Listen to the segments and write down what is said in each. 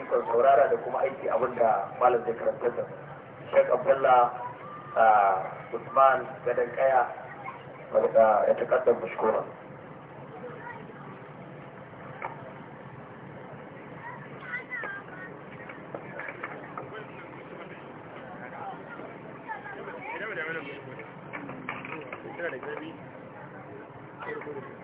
ikon saurara da kuma aiki abin da malam zai karanta shek abdullah ah, usman gadon kaya wadda ya takaddar mashkura Thank you.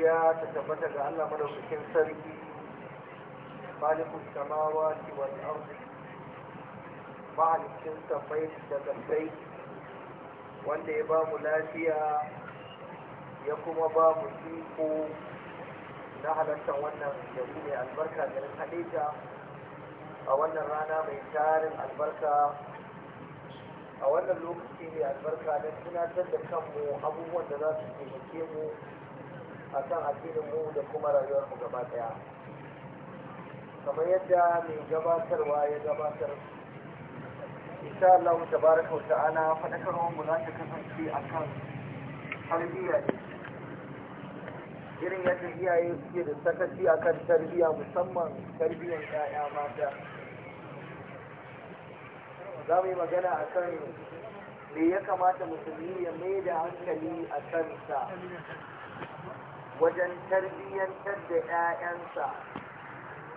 gaskiya ta tabbata ga Allah madaukakin sarki malikul samawati wal ardi malikin sabai da gasai wanda ya ba mu lafiya ya kuma ba mu iko na halartar wannan gari mai albarka garin halitta a wannan rana mai tarin albarka a wannan lokaci mai albarka don tunatar da kanmu abubuwan da za su taimake mu akan addinin mu da kuma rayuwar mu gaba daya kamar yadda mai gabatarwa ya gabatar insha Allah tabaraka wa ta'ala fadakar mu za ta kasance akan tarbiyya irin yadda iyaye suke da sakaci akan tarbiyya musamman tarbiyyar 'ya'ya mata za mu yi magana a kan me ya kamata musulmi ya mai da hankali a kansa wajen tarbiyyantar da 'ya'yansa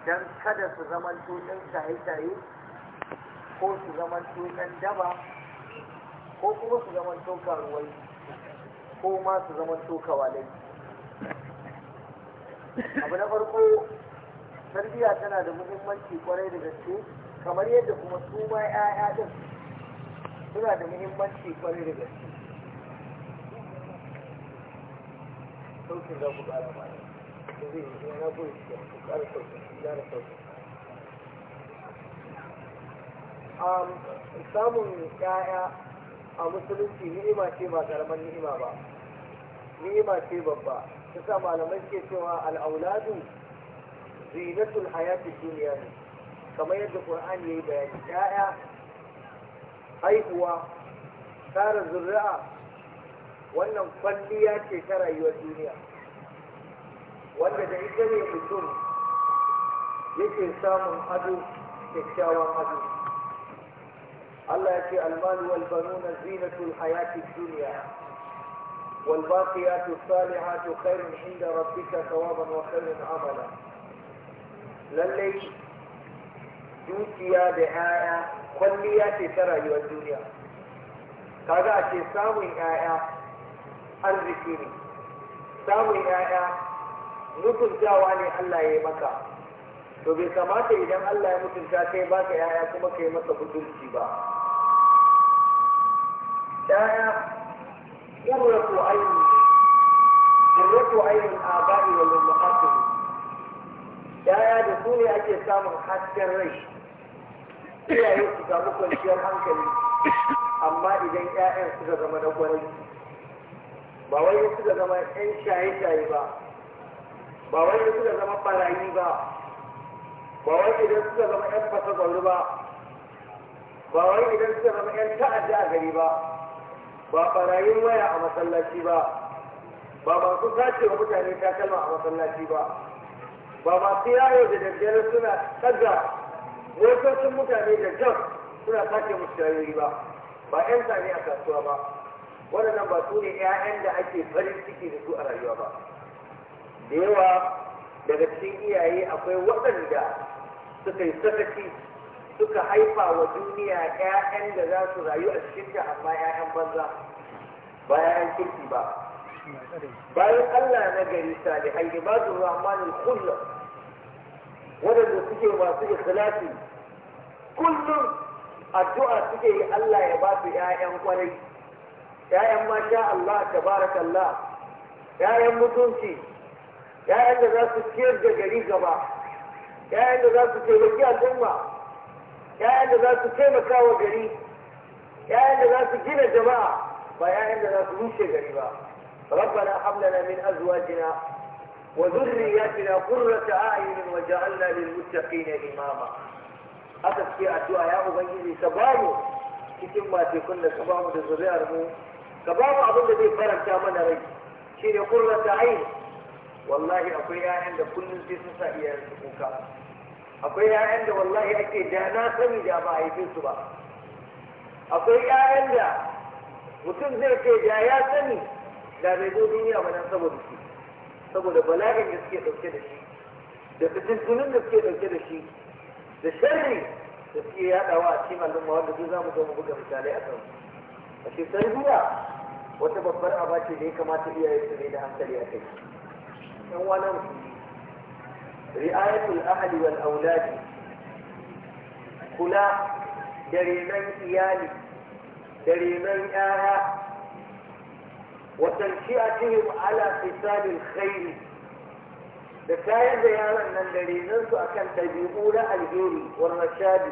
don kada su zaman tutun shaye-shaye ko su zaman tutun daba ko kuma su zaman tuka ruwai ko ma su zaman tuka walai abu na farko tarbiyya tana da muhimmanci kwarai da gaske kamar yadda kuma su ma 'ya'ya din suna da muhimmanci kwarai da gaske za ku ƙara ba da zai yi na da ku ƙara ku ƙara samun ƴaƴa a musulunci ni'ima ce ba ƙaramin ni'ima ba ni'ima ce babba ta sa malamai ke cewa al'auladu zinatul hayati duniya ne kamar yadda Qur'an ya yi bayani ƴaƴa haihuwa tara zuri'a wannan kwalliya ce ta rayuwar duniya wanda da ita ne mutum yake samun ado kyakkyawan ado Allah ya ce almalu wal banuna zinatul hayatid dunya wal baqiyatu salihatu khairun inda rabbika thawaban wa khairun amala lalle dukiya da 'ya'ya kwalliya ce ta rayuwar duniya kaga a ce samun 'ya'ya arziki ne samun ya'ya mutuntawa ne Allah ya yi maka to bai kamata idan Allah ya mutunta kai baka ya'ya kuma ka yi masa butulci ba ya'ya qurratu ayni qurratu a abai wa ummahat ya'ya da su ne ake samun hasken rai iyaye su samu kwanciyar hankali amma idan 'ya'yan suka zama na kwarai ba wai ya suka zama yan shaye-shaye ba ba wai ya suka zama barayi ba ba wai idan suka zama yan fasa gwauri ba ba wai idan suka zama yan ta'adda a gari ba ba barayin waya a masallaci ba ba masu sace wa mutane takalma a masallaci ba ba masu yayo da daddare suna tsaga motocin mutane da jam suna sace musu yayoyi ba ba 'yan zane a kasuwa ba waɗannan ba su ne 'ya'yan da ake farin ciki da su a rayuwa ba da yawa daga cikin iyaye akwai waɗanda suka yi sakaci suka haifa wa duniya 'ya'yan da za su rayu a cikin ta amma 'ya'yan banza ba 'ya'yan kirki ba bayan Allah na gari salihai ibadun rahmanul kullum waɗanda suke masu ikhlasi kullum addu'a suke yi Allah ya ba su 'ya'yan kwarai ‘ya'yan masha Allah tabarakallah ‘ya'yan mutunci ‘ya'yan da za su ciyar da gari gaba ‘ya'yan da za su taimaki al'umma ‘ya'yan da za su taimaka wa gari ‘ya'yan da za su gina jama'a ba ‘ya'yan da za su rushe gari ba ربنا هب لنا من ازواجنا وذرياتنا قرة اعين وجعلنا للمتقين اماما haka suke addu'a ya ubangiji ka ba mu cikin matekun da ka ba da zuri'ar ka ba mu abin da zai faranta mana rai shi ne ta aini wallahi akwai 'ya'yan da kullum sai sun sa iyayen su kuka akwai 'ya'yan da wallahi ake da na sani da ba a su ba akwai 'ya'yan da mutum zai ce da ya sani da bai zo duniya ba nan saboda shi saboda bala'in da suke dauke da shi da fitintunin da suke dauke da shi da sharri da suke yaɗawa a cikin al'umma wanda duk za mu zo mu buga misalai a kansu shi tarbiyya wata babbar aba ce da ya kamata iyaye su ne da hankali a kai ɗan wani ri'ayatul ahli wal auladi kula da renon iyali da renon yaya wa tanshi'atihim ala fisalil khairi da kayan da yaran nan da renon su akan ɗabi'u na alheri wa rashadi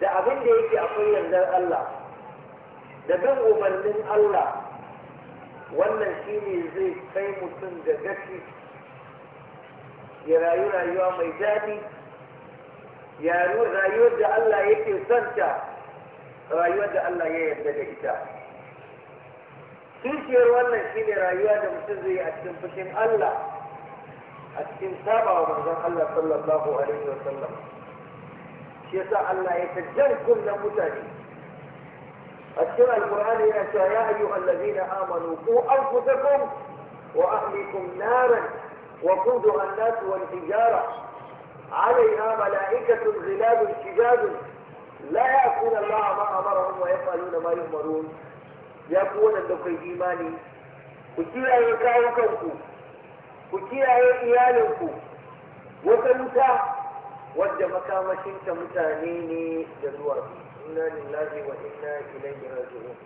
da abin da yake akwai yardar Allah da bin umarnin Allah wannan shi ne zai kai mutum da gashi ya rayu rayuwa mai daɗi ya rayuwar da Allah yake santa rayuwar da Allah ya yarda da ita Tushiyar wannan shi ne rayuwa da mutum zai yi a cikin fushin Allah a cikin saba wa manzon Allah sallallahu alaihi wa sallam shi yasa Allah ya ta jan kunnen mutane القرآني القرآنية يا أيها الذين آمنوا قوا أنفسكم وأهلكم نارا وقودها الناس والحجارة عليها ملائكة غلاب شجاب لا يأكون الله ما أمرهم ويفعلون ما يؤمرون يقول الدقي إيماني وكيلا يكاوكوكو وكيلا يكيالوكو وكالوكا wadda makamashinta mutane ne da zuwa inna lillahi wa inna ilaihi raji'un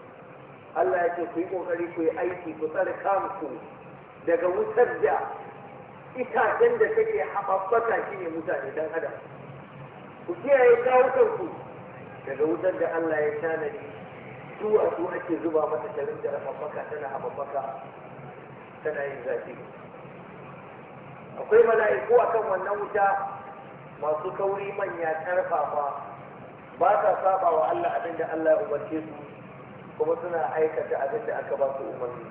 Allah ya ce ku yi kokari ku yi aiki ku tsare kanku daga wutar da itacen da take haɓaɓɓata shi ne mutane dan adam ku kiyaye kawukanku daga wutar da Allah ya tanadi zuwa su ake zuba mata tarin da haɓaɓɓaka tana haɓaɓɓaka tana yin zafi akwai mala'iku akan wannan wuta masu kauri manya karfafa ba ta saba wa Allah abin da Allah ya umarce su kuma suna aikata abin da aka ba su umarni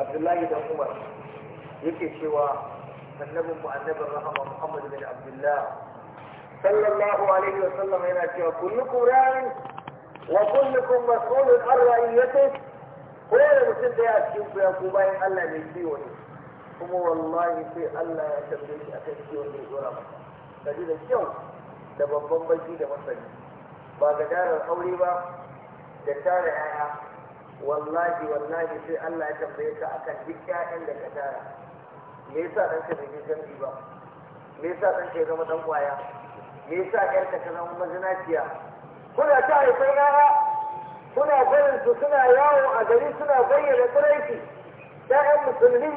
Abdullahi dan Umar yake cewa annabin mu annabin rahama Muhammad bin Abdullah sallallahu alaihi wa sallam yana cewa kullukum ra'in wa kullukum mas'ulun an ra'iyatihi ko da mutum da ya cikin ku ya ku bayan Allah ne kiwo ne kuma wallahi sai Allah ya tambaye shi akan kiwon da ya dora masa kaji da kyau da babban baki da masani ba ga darar aure ba da tara 'ya'ya wallahi wallahi sai Allah ya tambaye ka akan duk 'ya'yan da ka tara me yasa dan ka bai zambi ba me yasa dan ka zama dan kwaya me yasa ƴar ka ta zama mazinaciya kuna ta haifar 'ya'ya kuna barin su suna yawo a gari suna bayyana tsiraiki Ƴaƴan musulmi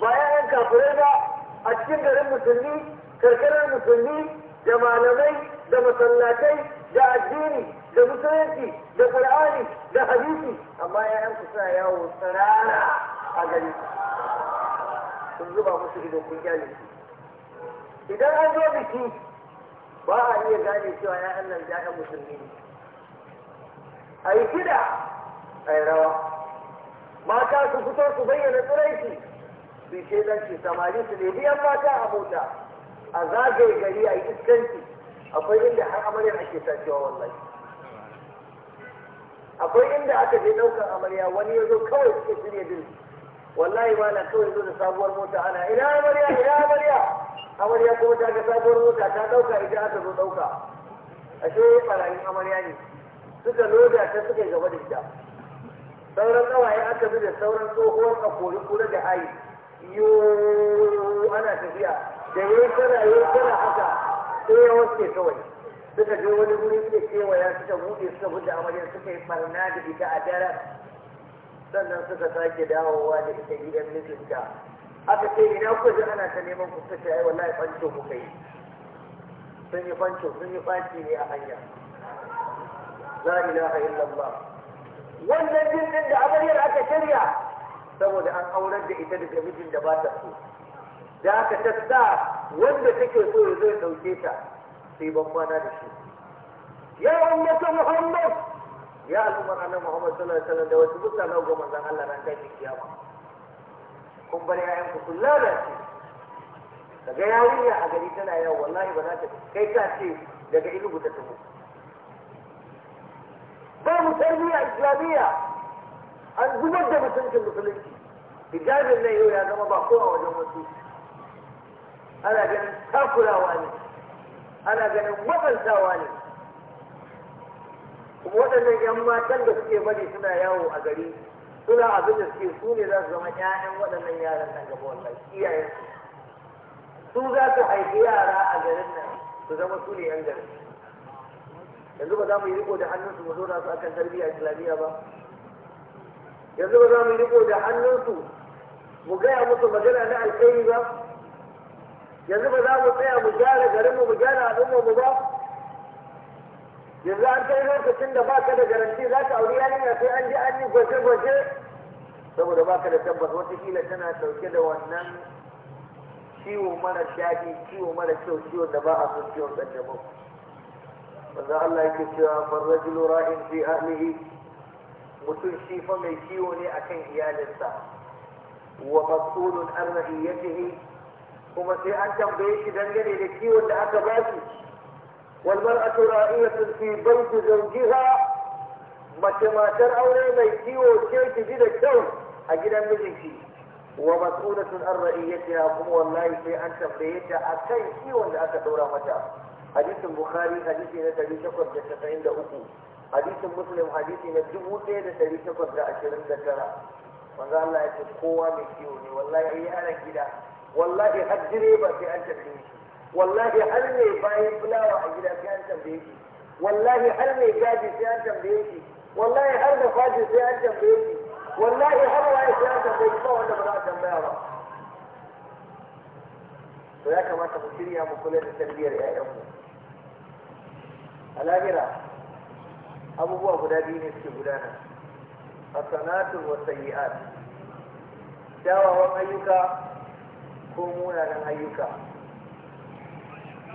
ba 'ya'yan kafirai ba a cikin garin musulmi karkarar musulmi da malamai da masallatai da addini da musulunci da qur'ani da hadisi amma yayan kusa ya yawo rana a gari sun zuba musu ido kun gyale idan an zo biki ba a iya gane cewa yayan nan ya'yan musulmi ne a yi kida a yi rawa mata su fito su bayyana tsiraici su ce ce samari su ne biyan mata a mota a zagaye gari a yi iskanci akwai inda har amarya ake sacewa wallahi akwai inda aka je ɗaukar amarya wani ya zo kawai suke shirya din wallahi ba na kawai zo da sabuwar mota ana ina amarya ina amarya amarya kuma ta ga sabuwar mota ta ɗauka idan aka zo ɗauka ashe barayin amarya ne suka loda ta suka gaba da ita sauran ƙawaye aka bi da sauran tsohuwar akori kura da ayi yo ana tafiya da yayi kana yayi kana haka kewa ce kawai suka je wani guri suka kewaya suka buɗe suka buɗe amaryar suka yi farna da ita a daren sannan suka sake dawowa da ita gidan mijinta aka ce ina ku ji ana ta neman ku suka ce ai wallahi fanco kuka yi sun yi fanco sun yi faci ne a hanya la ilaha illallah wannan jin da amaryar aka shirya saboda an aurar da ita daga mijin da ba ta so da aka ta sa wanda take so ya zo ya ɗauke ta sai ban kwana da shi ya ummata muhammad ya al'ummar annabi muhammad sallallahu alaihi wasallam da wasu mutane ga manzon Allah ran tashi kiyama kun bar yayan ku sun lalace daga yarinya a gari tana yawa wallahi ba za ta kai ta ce daga ilugu ta tumu ba mu tarbiyya islamiyya an zubar da mutuncin musulunci hijabin nan yau ya zama ba kowa wajen wasu ana ganin takurawa ne ana ganin matsantawa ne kuma waɗannan 'yan matan da suke bari suna yawo a gari suna abin da suke su ne za su zama 'ya'yan waɗannan yaran nan gaba wallahi iyayen su za su haifi yara a garin nan su zama su ne 'yan garin yanzu ba za mu yi riko da hannunsu mu zo da su akan tarbiyya islamiyya ba yanzu ba za mu yi riko da hannunsu mu gaya musu magana na alkhairi ba yanzu ba za mu tsaya mu gyara garinmu mu gyara al'ummarmu ba yanzu an kai lokacin da ka da garanti za ka auri yarinya sai an ji an yi gwaje-gwaje saboda baka da tabbas watakila tana sauke da wannan ciwo mara shaɗi ciwo mara kyau ciwon da ba a son ciwon ƙanjamau wanda Allah yake cewa lura in fi ahlihi mutum shi fa mai ciwo ne akan iyalinsa wa mas'ulun an ra'iyatihi kuma sai an tambaye shi dangane da kiwon da aka ba shi iya mar'atu bai fi baiti zawjiha mace matar aure mai kiwo ce ki ji da kyau a gidan mijinki wa mas'ulatun an ya kuma wallahi sai an tambaye ta akan kiwon da aka dora mata hadisin bukhari hadisi na 893 hadisin muslim hadisi na 1829 manzo Allah ya ce kowa mai kiwo ne wallahi ai yaran gida wallahi har direba sai an tambaye shi wallahi har mai bayan fulawa a gida sai an tambaye shi wallahi har mai gadi sai an tambaye shi wallahi har da fashi sai an tambaye shi wallahi har waye sai an tambaye shi ba wanda ba za a tambaya ba to ya kamata mu shirya mu kula da tarbiyyar ƴaƴanmu a abubuwa guda biyu ne suke gudana hasanatun wa sayyi'at kyawawan ayyuka ko munanan ayyuka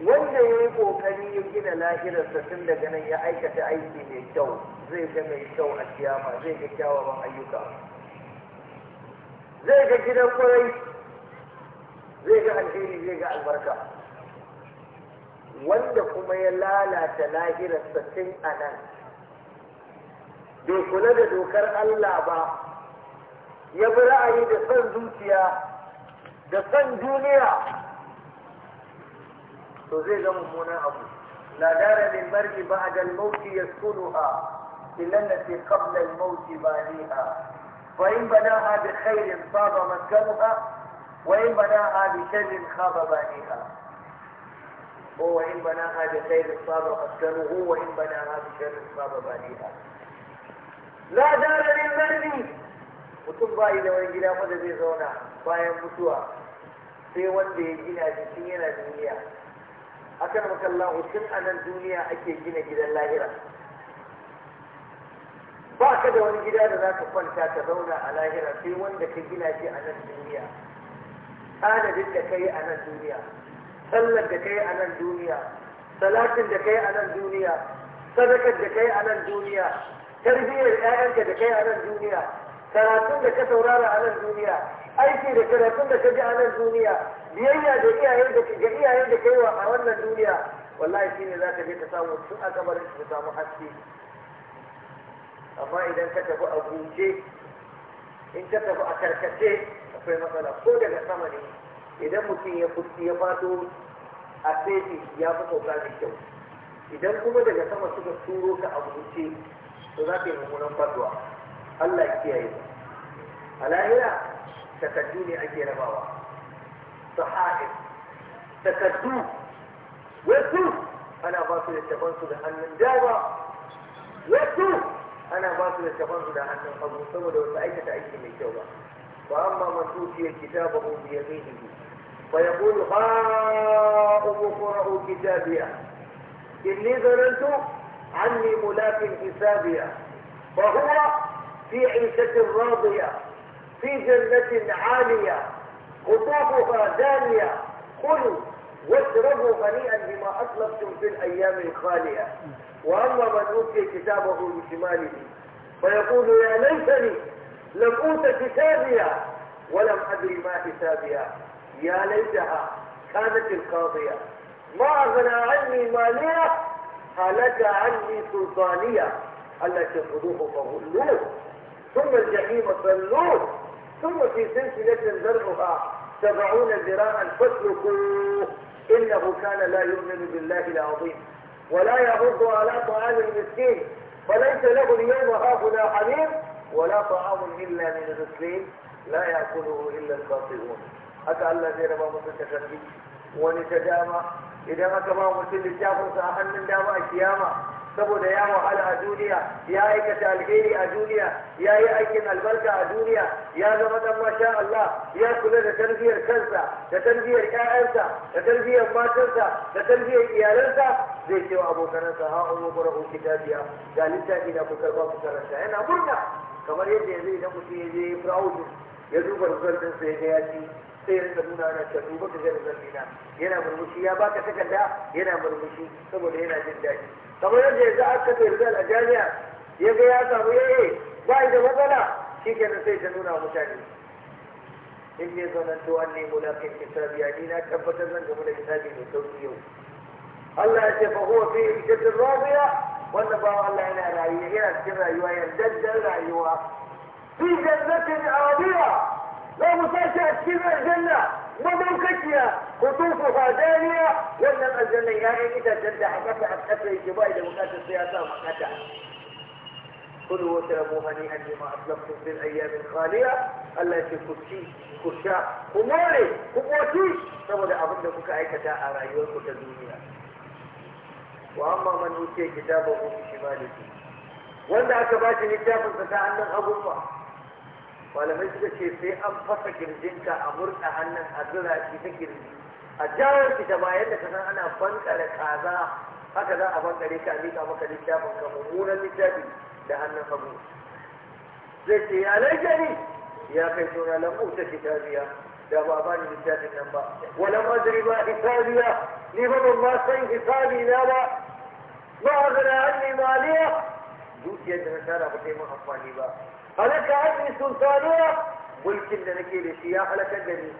wanda ya yi ƙoƙari ya gina lahirarsa tun daga nan ya aikata aiki mai kyau zai ga mai kyau a kiyama zai ga kyawawan ayyuka zai ga gidan kwarai zai ga alheri zai ga albarka wanda kuma ya lalata lahirarsa tun a nan bai kula da dokar Allah ba ya bi ra'ayi da son zuciya د سن دنیا تو زیدم لا دار للمرء بعد الموت يسكنها الا التي قبل الموت بانيها وان بناها بخير صاب مسكنها وان بناها بشر خاب بانيها وإن بناها بخير صاب مسكنه وإن بناها بشر صاب بانيها لا دار للمرء وتبقى إذا وإن جلافة بيزونا فهي مسوها sai wanda ya gina shi tun yana duniya akan makallahu tun a nan duniya ake gina gidan lahira ba ka da wani gida da za ka kwanta ka zauna a lahira sai wanda ka gina shi a nan duniya tanadin da ka yi a nan duniya sallar da ka yi a nan duniya salatin da ka yi a nan duniya sadakar da ka yi a nan duniya tarbiyyar 'ya'yanka da ka yi a nan duniya karatun da ka saurara a nan duniya aiki da karatun da ka ji a nan duniya biyayya da iyaye da ga iyaye da kai wa a wannan duniya wallahi shine za ka je ka samu tun a kamarin ka samu haske amma idan ka tafi a guje in ka tafi a karkace akwai matsala ko daga sama ne idan mutum ya fuski ya fado a sefi ya fi sauka da kyau idan kuma daga sama suka turo ka a guje to za ka yi mummunan fadwa Allah ya kiyaye a lahira تكدوني أجي لبوا صحائف تكدو ويكو أنا باطل التفان سبحان من جاوة ويكو أنا باطل التفان سبحان من قبل صمد وسأيك تأيك من جاوة وأما من توفي كتابه بيمينه فيقول ها أم قرأوا كتابي إني ظننت عني ملاك حسابي فهو في عيشة راضية في جنة عالية قطوفها دانية كلوا واشربوا هنيئا بما أطلبتم في الأيام الخالية وأما من أوتي كتابه بشماله فيقول يا ليتني لم أوت كتابيا ولم أدري ما حسابيا يا ليتها كانت القاضية ما أغنى عني مالية هلك عني سلطانية التي خذوه فغلوه ثم الجحيم صلوه ثم في سلسلة ذرعها سبعون ذراعا فاتركوه إنه كان لا يؤمن بالله العظيم ولا يغض على طعام المسكين فليس له اليوم هاهنا حليم ولا طعام إلا من المسكين لا يأكله إلا الخاطئون أتى Allah zai raba musu takardi wani ta dama idan aka ba mutum littafin sa saboda ya wahala a duniya ya aikata alheri a duniya ya yi aikin albarka a duniya ya zama dan masha Allah ya kula da tarbiyyar kansa da tarbiyyar ƴaƴansa da tarbiyyar matarsa da tarbiyyar iyalansa zai ce wa abokanansa ha ummu qura'u kitabiya ga littafi da ku karba ku karanta yana murna kamar yadda yanzu idan mutum ya je ya duba result ya ga ya ci sai ya rinka nuna ana cewa duba ka ga result yana murmushi ya baka takarda yana murmushi saboda yana jin daɗi kamar yadda ya yanzu aka ya rizal a jami'a ya ga ya samu yi ba da matsala shi kenan sai ta nuna wa mutane in ne zananto an nemo lakin hisabi ni na tabbatar zan gamu da ne mai sauki yau Allah ya ce fa huwa fi ijatin rabiya wanda ba Allah yana rayuwa yana cikin rayuwa yardajjar rayuwa fi jannatin rabiya ومساسة كبير الجنة وموكتها خطوطها دانية ولم الجنة يعني إذا جنة حقتها حقتها الجبال لمكاتب السياسة ومكاتها كل وسلموا هنيئا بما أطلقتم في الايام الخاليه ألا كنتي شيء كرشاء كموتي saboda abin da kuka aikata a rayuwarku ta duniya wa amma man utiya kitabahu bi shimalihi wanda aka ba shi malamai suka ce sai an fasa kirjinka a murɗa hannun a zura shi ta kirji a jawo shi ta bayan da san ana bankare kaza haka za a bankare ka miƙa maka littafin ka mummunan littafi da hannun hagu zai ce ya laifani ya kai suna lambu ta da ba bani littafin nan ba wala madri ba hisabiya ni ba ban ma san hisabi na ba ba a gara hannu maliya dukiyar da na tara ba ta yi amfani ba هلك أجل سلطانها ولكن لك الاشياء لك جني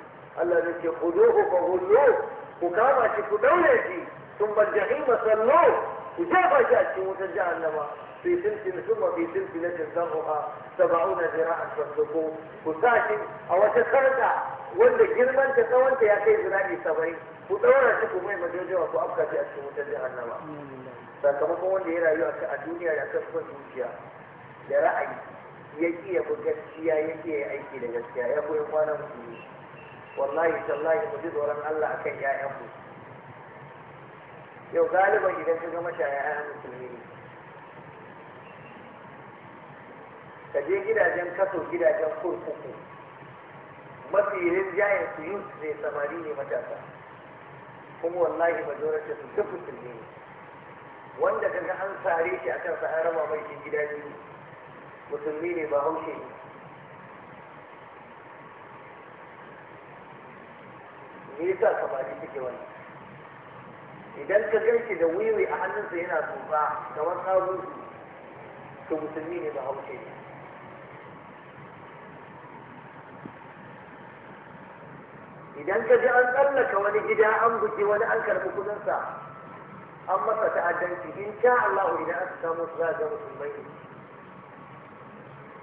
الذي خذوه فغلوه وكما تكو دولتي ثم الجحيم صلوه وجاب جاءت ومتجاء النواء في سلسلة ثم في سلسلة سرها سبعون ذراعا فاستقوم وساكن او تسرد وانت جرما تتوانت يا كيف ناجي سبعين وتورا تكو مهما جوجوا وأبقى جاءت ومتجاء النواء فكما قولت هنا يؤكد الدنيا يأكد فاستقوم فيها لرأيك ya iya ya gaskiya ya ki ya aiki da gaskiya ya koyi kwana musulmi wallahi tallahi mu ji tsoron Allah akan ƴaƴanmu yau galiban idan ka ga mata ƴaƴan musulmi ne ka je gidajen kaso gidajen kurkuku mafi rinjayen su yi ne samari ne matasa kuma wallahi majority su duk musulmi ne wanda ka kaga an sare shi akan sa an raba mai gida biyu musulmi ne ba haushe ne me yasa ka samari suke wani idan ka ganshi da wiwi a hannunsa yana tsufa kamar kawo to musulmi ne ba haushe ne idan ka ji an tsallaka wani gida an guji wani an karɓi kudinsa an masa ta'addanci in sha Allah idan aka samu su za a ga musulmai ne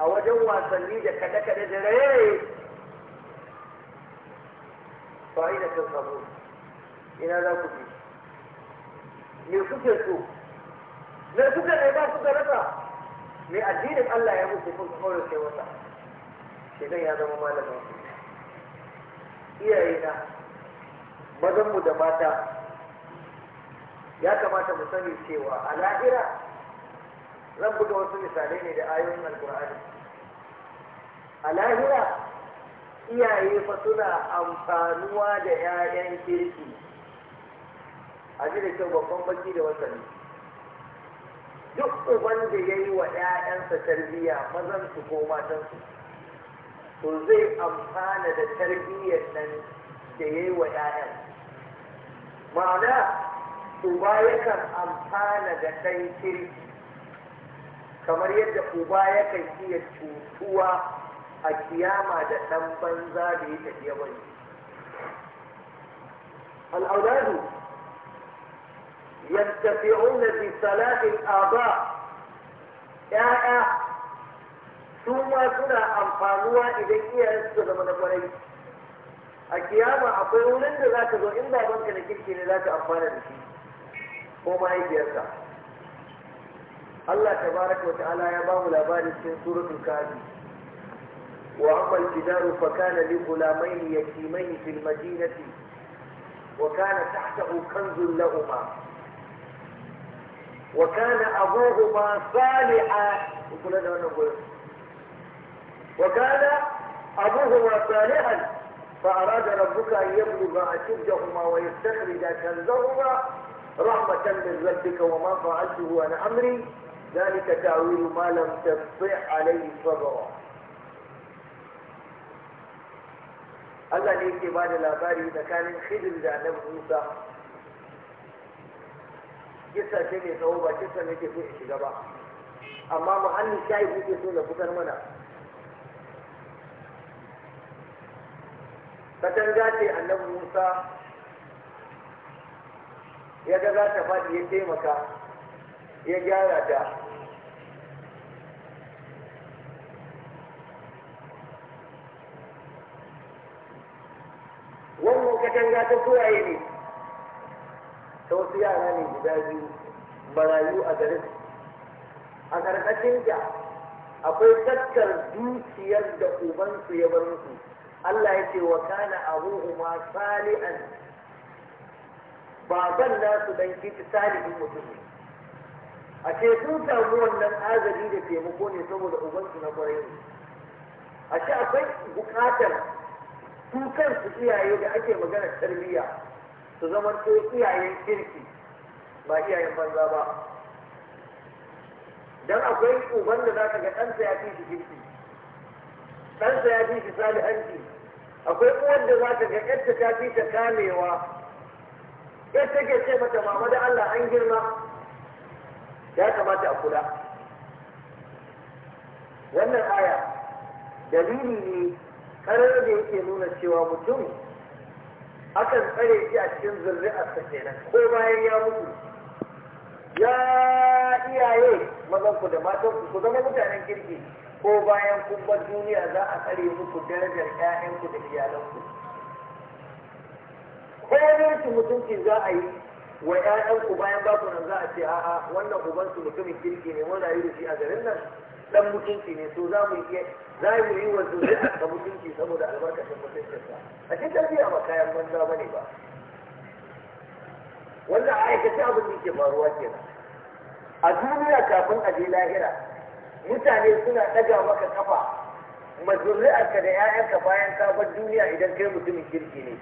a wajen wasanni da kaɗe-kaɗe da raye fa'ina ta samu ina za ku bi me kuke so me suke ne ba su rasa me addinin Allah ya muku kun kaura sai wata zai ya zama malamin iyaye na mazanmu da mata ya kamata mu sani cewa a lahira zan buga wasu misalai ne da ayoyin alkur'ani a lahira iyaye fa suna amfanuwa da 'ya'yan kirki a ji da kyau babban baki da wasanni duk uban da ya yi wa 'ya'yansa tarbiyya mazan su ko matansu to zai amfana da tarbiyyar nan da ya yi wa 'ya'yan ma'ana uba yakan amfana da ɗan kirki kamar yadda uba kai iya cutuwa a kiyama da ɗan banza da ya tafiya wani al'auladu yantafi'un na bi salatin aba ya'ya su ma suna amfanuwa idan iyayen su zama na kwarai a kiyama akwai wurin da za ka zo in babanka na kirki ne za ka amfana da shi ko mahaifiyarsa الله تبارك وتعالى يباه لبعض في سورة الكافي وأما الجدار فكان لغلامين يتيمين في المدينة وكان تحته كنز لهما وكان أبوهما صالحا يقول هذا أنا أقول وكان أبوهما صالحا فأراد ربك أن يبلغ أشدهما ويستخرج كنزهما رحمة من ربك وما فعلته أنا أمري ذلك تأويل ما لم تستطع عليه صبرا Allah ne yake ba da labari tsakanin Khidir da Annabi Musa kisa ce mai tsawo ba kisa ne ke so in shiga ba amma muhallin shayi kuke so na fitar mana katanga ce Annabi Musa ya ga za ta faɗi ya taimaka ya gyara ta katanga ta suwaye ne ta wasu yara ne guda biyu marayu a garin a karkashinta akwai tattar dukiyar da ubansu ya bar musu Allah ya ce wa kana abu ma sali'an baban nasu dan kici salihin mutum ne a ce sun samu wannan azabi da taimako ne saboda ubansu na kwarai ne a ce akwai bukatar su kansu iyaye da ake magana tarbiyya su zama to iyayen kirki ba iyayen banza ba dan akwai uban da zaka ga ɗansa ya fi shi kirki ɗansa ya fi shi salihanci akwai uwan da zaka ga ƴarta ta fi ta kamewa ƴar take ce mata mama da Allah an girma ya kamata a kula wannan aya dalili ne karar da yake nuna cewa mutum akan tsare shi a cikin zurri'arsa kenan ko bayan ya mutu ya iyaye mazanku da matanku ku zama mutanen kirki ko bayan kun duniya za a tsare muku darajar 'ya'yanku da iyalanku ko yanki mutunci za a yi wa 'ya'yanku bayan baku nan za a ce a'a wannan ubansu mutumin kirki ne mun rayu da shi a garin nan dan mutunci ne so za mu yi za mu yi wa zuwa da mutunci saboda albarkacin mutuncinsa a cikin tarbiyya ba kayan banza ne ba wanda a abin da yake faruwa kenan a duniya kafin a je lahira mutane suna ɗaga maka kafa mazurri'arka da 'ya'yanka bayan ka bar duniya idan kai mutumin kirki ne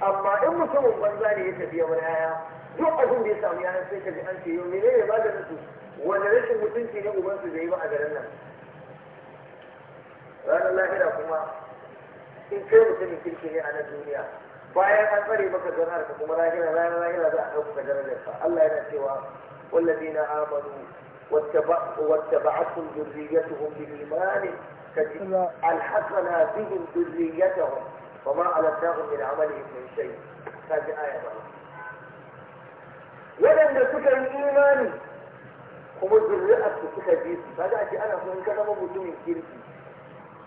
amma in mutumin banza ne ya tafiya wani 'ya'ya duk abin da ya samu yaran sai ka ji an ce yau ne ne maganin su wanda rashin mutunci ne ubansu da yi ba a garin nan ranar lahira kuma in kai mutumin kirki ne a nan duniya bayan an tsare maka janar ka kuma lahira ranar lahira za a ɗauka darajar ka Allah yana cewa والذين آمنوا واتبعتهم ذريتهم بإيمان ألحقنا بهم ذريتهم وما ألتناهم من عملهم من شيء هذه آية بقى. waɗanda suka yi imani kuma zuri'ar su suka je su kaga ake ana so in ka zama mutumin kirki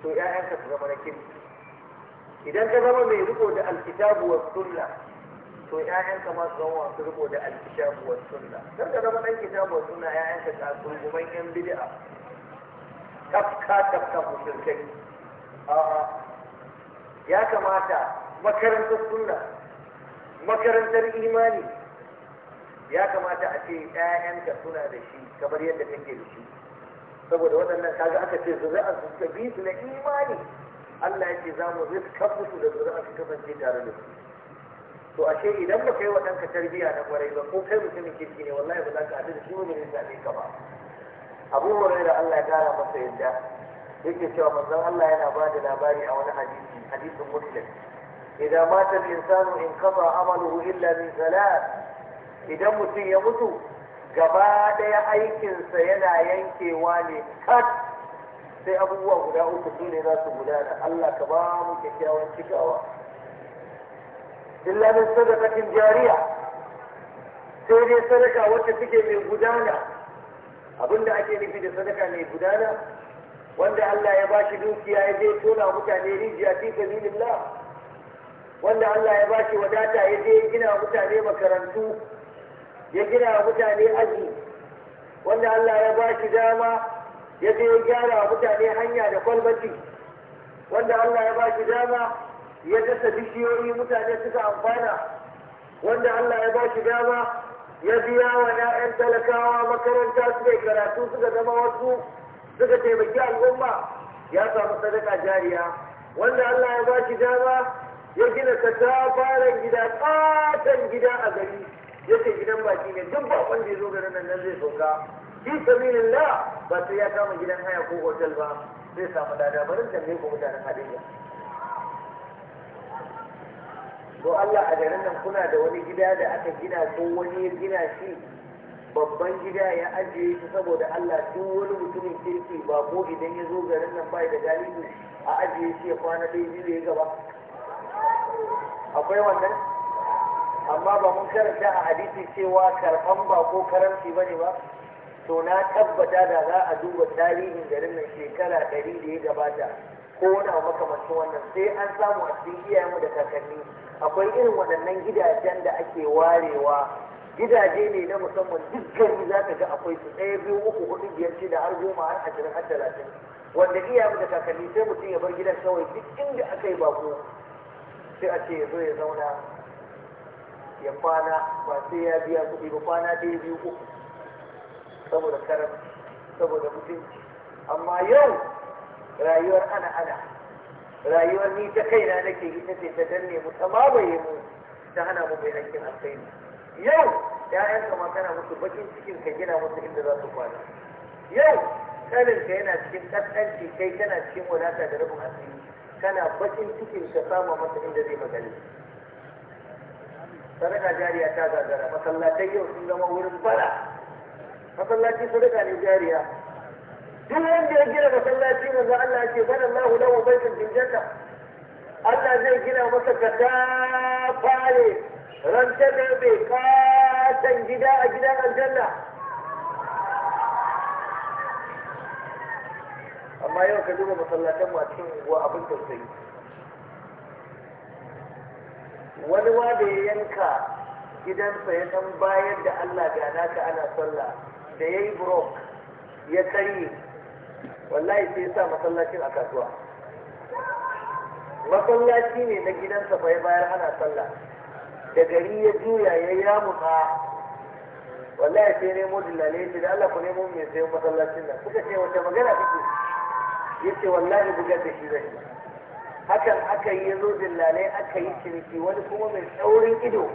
to 'ya'yanka su zama na kirki idan ka zama mai riko da alkitabu wa sunna to ƴaƴanka ma su zama masu riko da alkitabu wa sunna kar ka zama ɗan kitabu wa sunna ƴaƴanka ka gurguman ƴan bid'a tafka tafka mushrikai a'a ya kamata makarantar sunna makarantar imani ya kamata a ce ƴaƴanka suna da shi kamar yadda take da shi saboda waɗannan kaga aka ce zuri'a su ta bi su na imani Allah yake za mu rizka musu da zuri'a su kasance tare da su to ashe idan ba kai wa ɗanka tarbiyya na kwarai ba ko kai mutumin kirki ne wallahi ba za ka haɗu da shi mutumin da ka ba abu hurairah Allah ya kara masa yadda yake cewa manzon Allah yana ba da labari a wani hadisi hadisin muslim idan mata al-insanu in qada amaluhu illa min salat idan mutum ya mutu gaba ɗaya aikinsa yana yankewa ne kat sai abubuwa guda uku su ne za su gudana Allah ka ba mu kyakkyawan cikawa illa min sadaqatin jariya sai dai sadaka wacce take mai gudana abinda ake nufi da sadaka mai gudana wanda Allah ya bashi dukiya ya je tona mutane rijiya fi sabilillah wanda Allah ya bashi wadata ya je gina mutane makarantu ya gina wa mutane aji wanda Allah ya ba shi dama ya je ya gyara wa mutane hanya da kwalbati wanda Allah ya ba shi dama ya dasa bishiyoyi mutane suka amfana wanda Allah ya ba shi dama ya biya wa 'ya'yan talakawa makaranta suka karatu suka zama wasu suka taimaki al'umma ya samu sadaka jariya wanda Allah ya ba shi dama ya gina katafaren gida ƙaton gida a gari yake gidan baki ne duk bakon da ya zo garin nan zai sauka shi sabilin la ba sai ya kama gidan haya ko hotel ba zai samu lada barin tambaye ko mutanen hadiya to Allah a garin nan kuna da wani gida da aka gina ko wani ya gina shi babban gida ya ajiye shi saboda Allah duk wani mutumin kirki ba ko idan ya zo garin nan bai da galibi a ajiye shi ya kwana ɗaya biyu ya gaba akwai wannan amma ba mun karanta a hadisi cewa karban ba ko karamci bane ba to na tabbata da za a duba tarihin garin nan shekara ɗari da ya gabata ko wani abu makamancin wannan sai an samu a cikin iyayenmu da kakanni akwai irin waɗannan gidajen da ake warewa gidaje ne na musamman duk gari za ka ga akwai su ɗaya biyu uku hudu biyar shida har goma har ashirin har talatin wanda iyayenmu da kakanni sai mutum ya bar gidan kawai duk inda aka yi bako sai a ce ya zo ya zauna ya kwana ba sai ya biya kuɗi ba kwana ɗaya biyu uku saboda karam saboda mutunci amma yau rayuwar ana ana rayuwar ni ta kaina nake ita ce ta danne mu ta mamaye mu ta hana mu mai aikin alkhairi yau ya'yanka ma kana musu bakin cikin ka gina musu inda za su kwana yau ka yana cikin kaskanci kai kana cikin wadata da rufin asiri kana bakin cikin ka sama masa inda zai magana. sadaka jariya ta gagara masallatai yau sun zama wurin fara masallaci sadaka ne jariya duk wanda ya gina masallaci manzo Allah ce, bana Allah lahu baitan fil Allah zai gina masa fare ranta da bai katan gida a gidan aljanna amma yau ka duba masallatan mu a cikin unguwa abin yi. wani ma ya yanka gidansa ya dan bayar da Allah ga naka ana sallah da ya yi brok ya karye wallahi sai ya sa masallacin a kasuwa masallaci ne na gidansa fa ya bayar ana sallah da gari ya juya ya ramuka. wallahi sai nemo dillalai shi da Allah ku nemo mai sayan masallacin nan suka ce wata magana kake yace wallahi bugar da shi zai hakan aka yi zo dillalai aka yi ciniki wani kuma mai tsaurin ido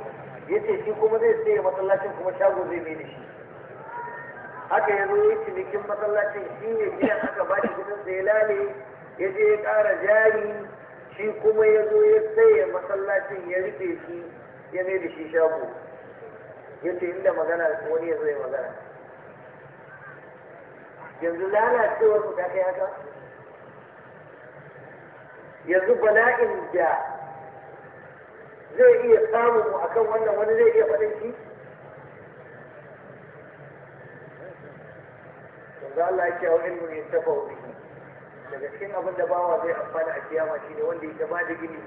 ya ce shi kuma zai sai masallacin kuma shago zai mai da shi haka ya zo yi cinikin masallacin shi ne gidan aka ba shi gudun sai lale ya je ya ƙara jari shi kuma ya zo ya tsaye masallacin ya rufe shi ya mai da shi shago ya ce inda magana wani ya zo ya magana yanzu lalacewar mu ta kai haka yanzu bala'in da zai iya samu mu kan wannan wani zai iya faɗin shi za Allah ya ce wa ilmu ne ta fauri daga cikin abin da bawa zai amfana a kiyama shi ne wanda ya ba da gini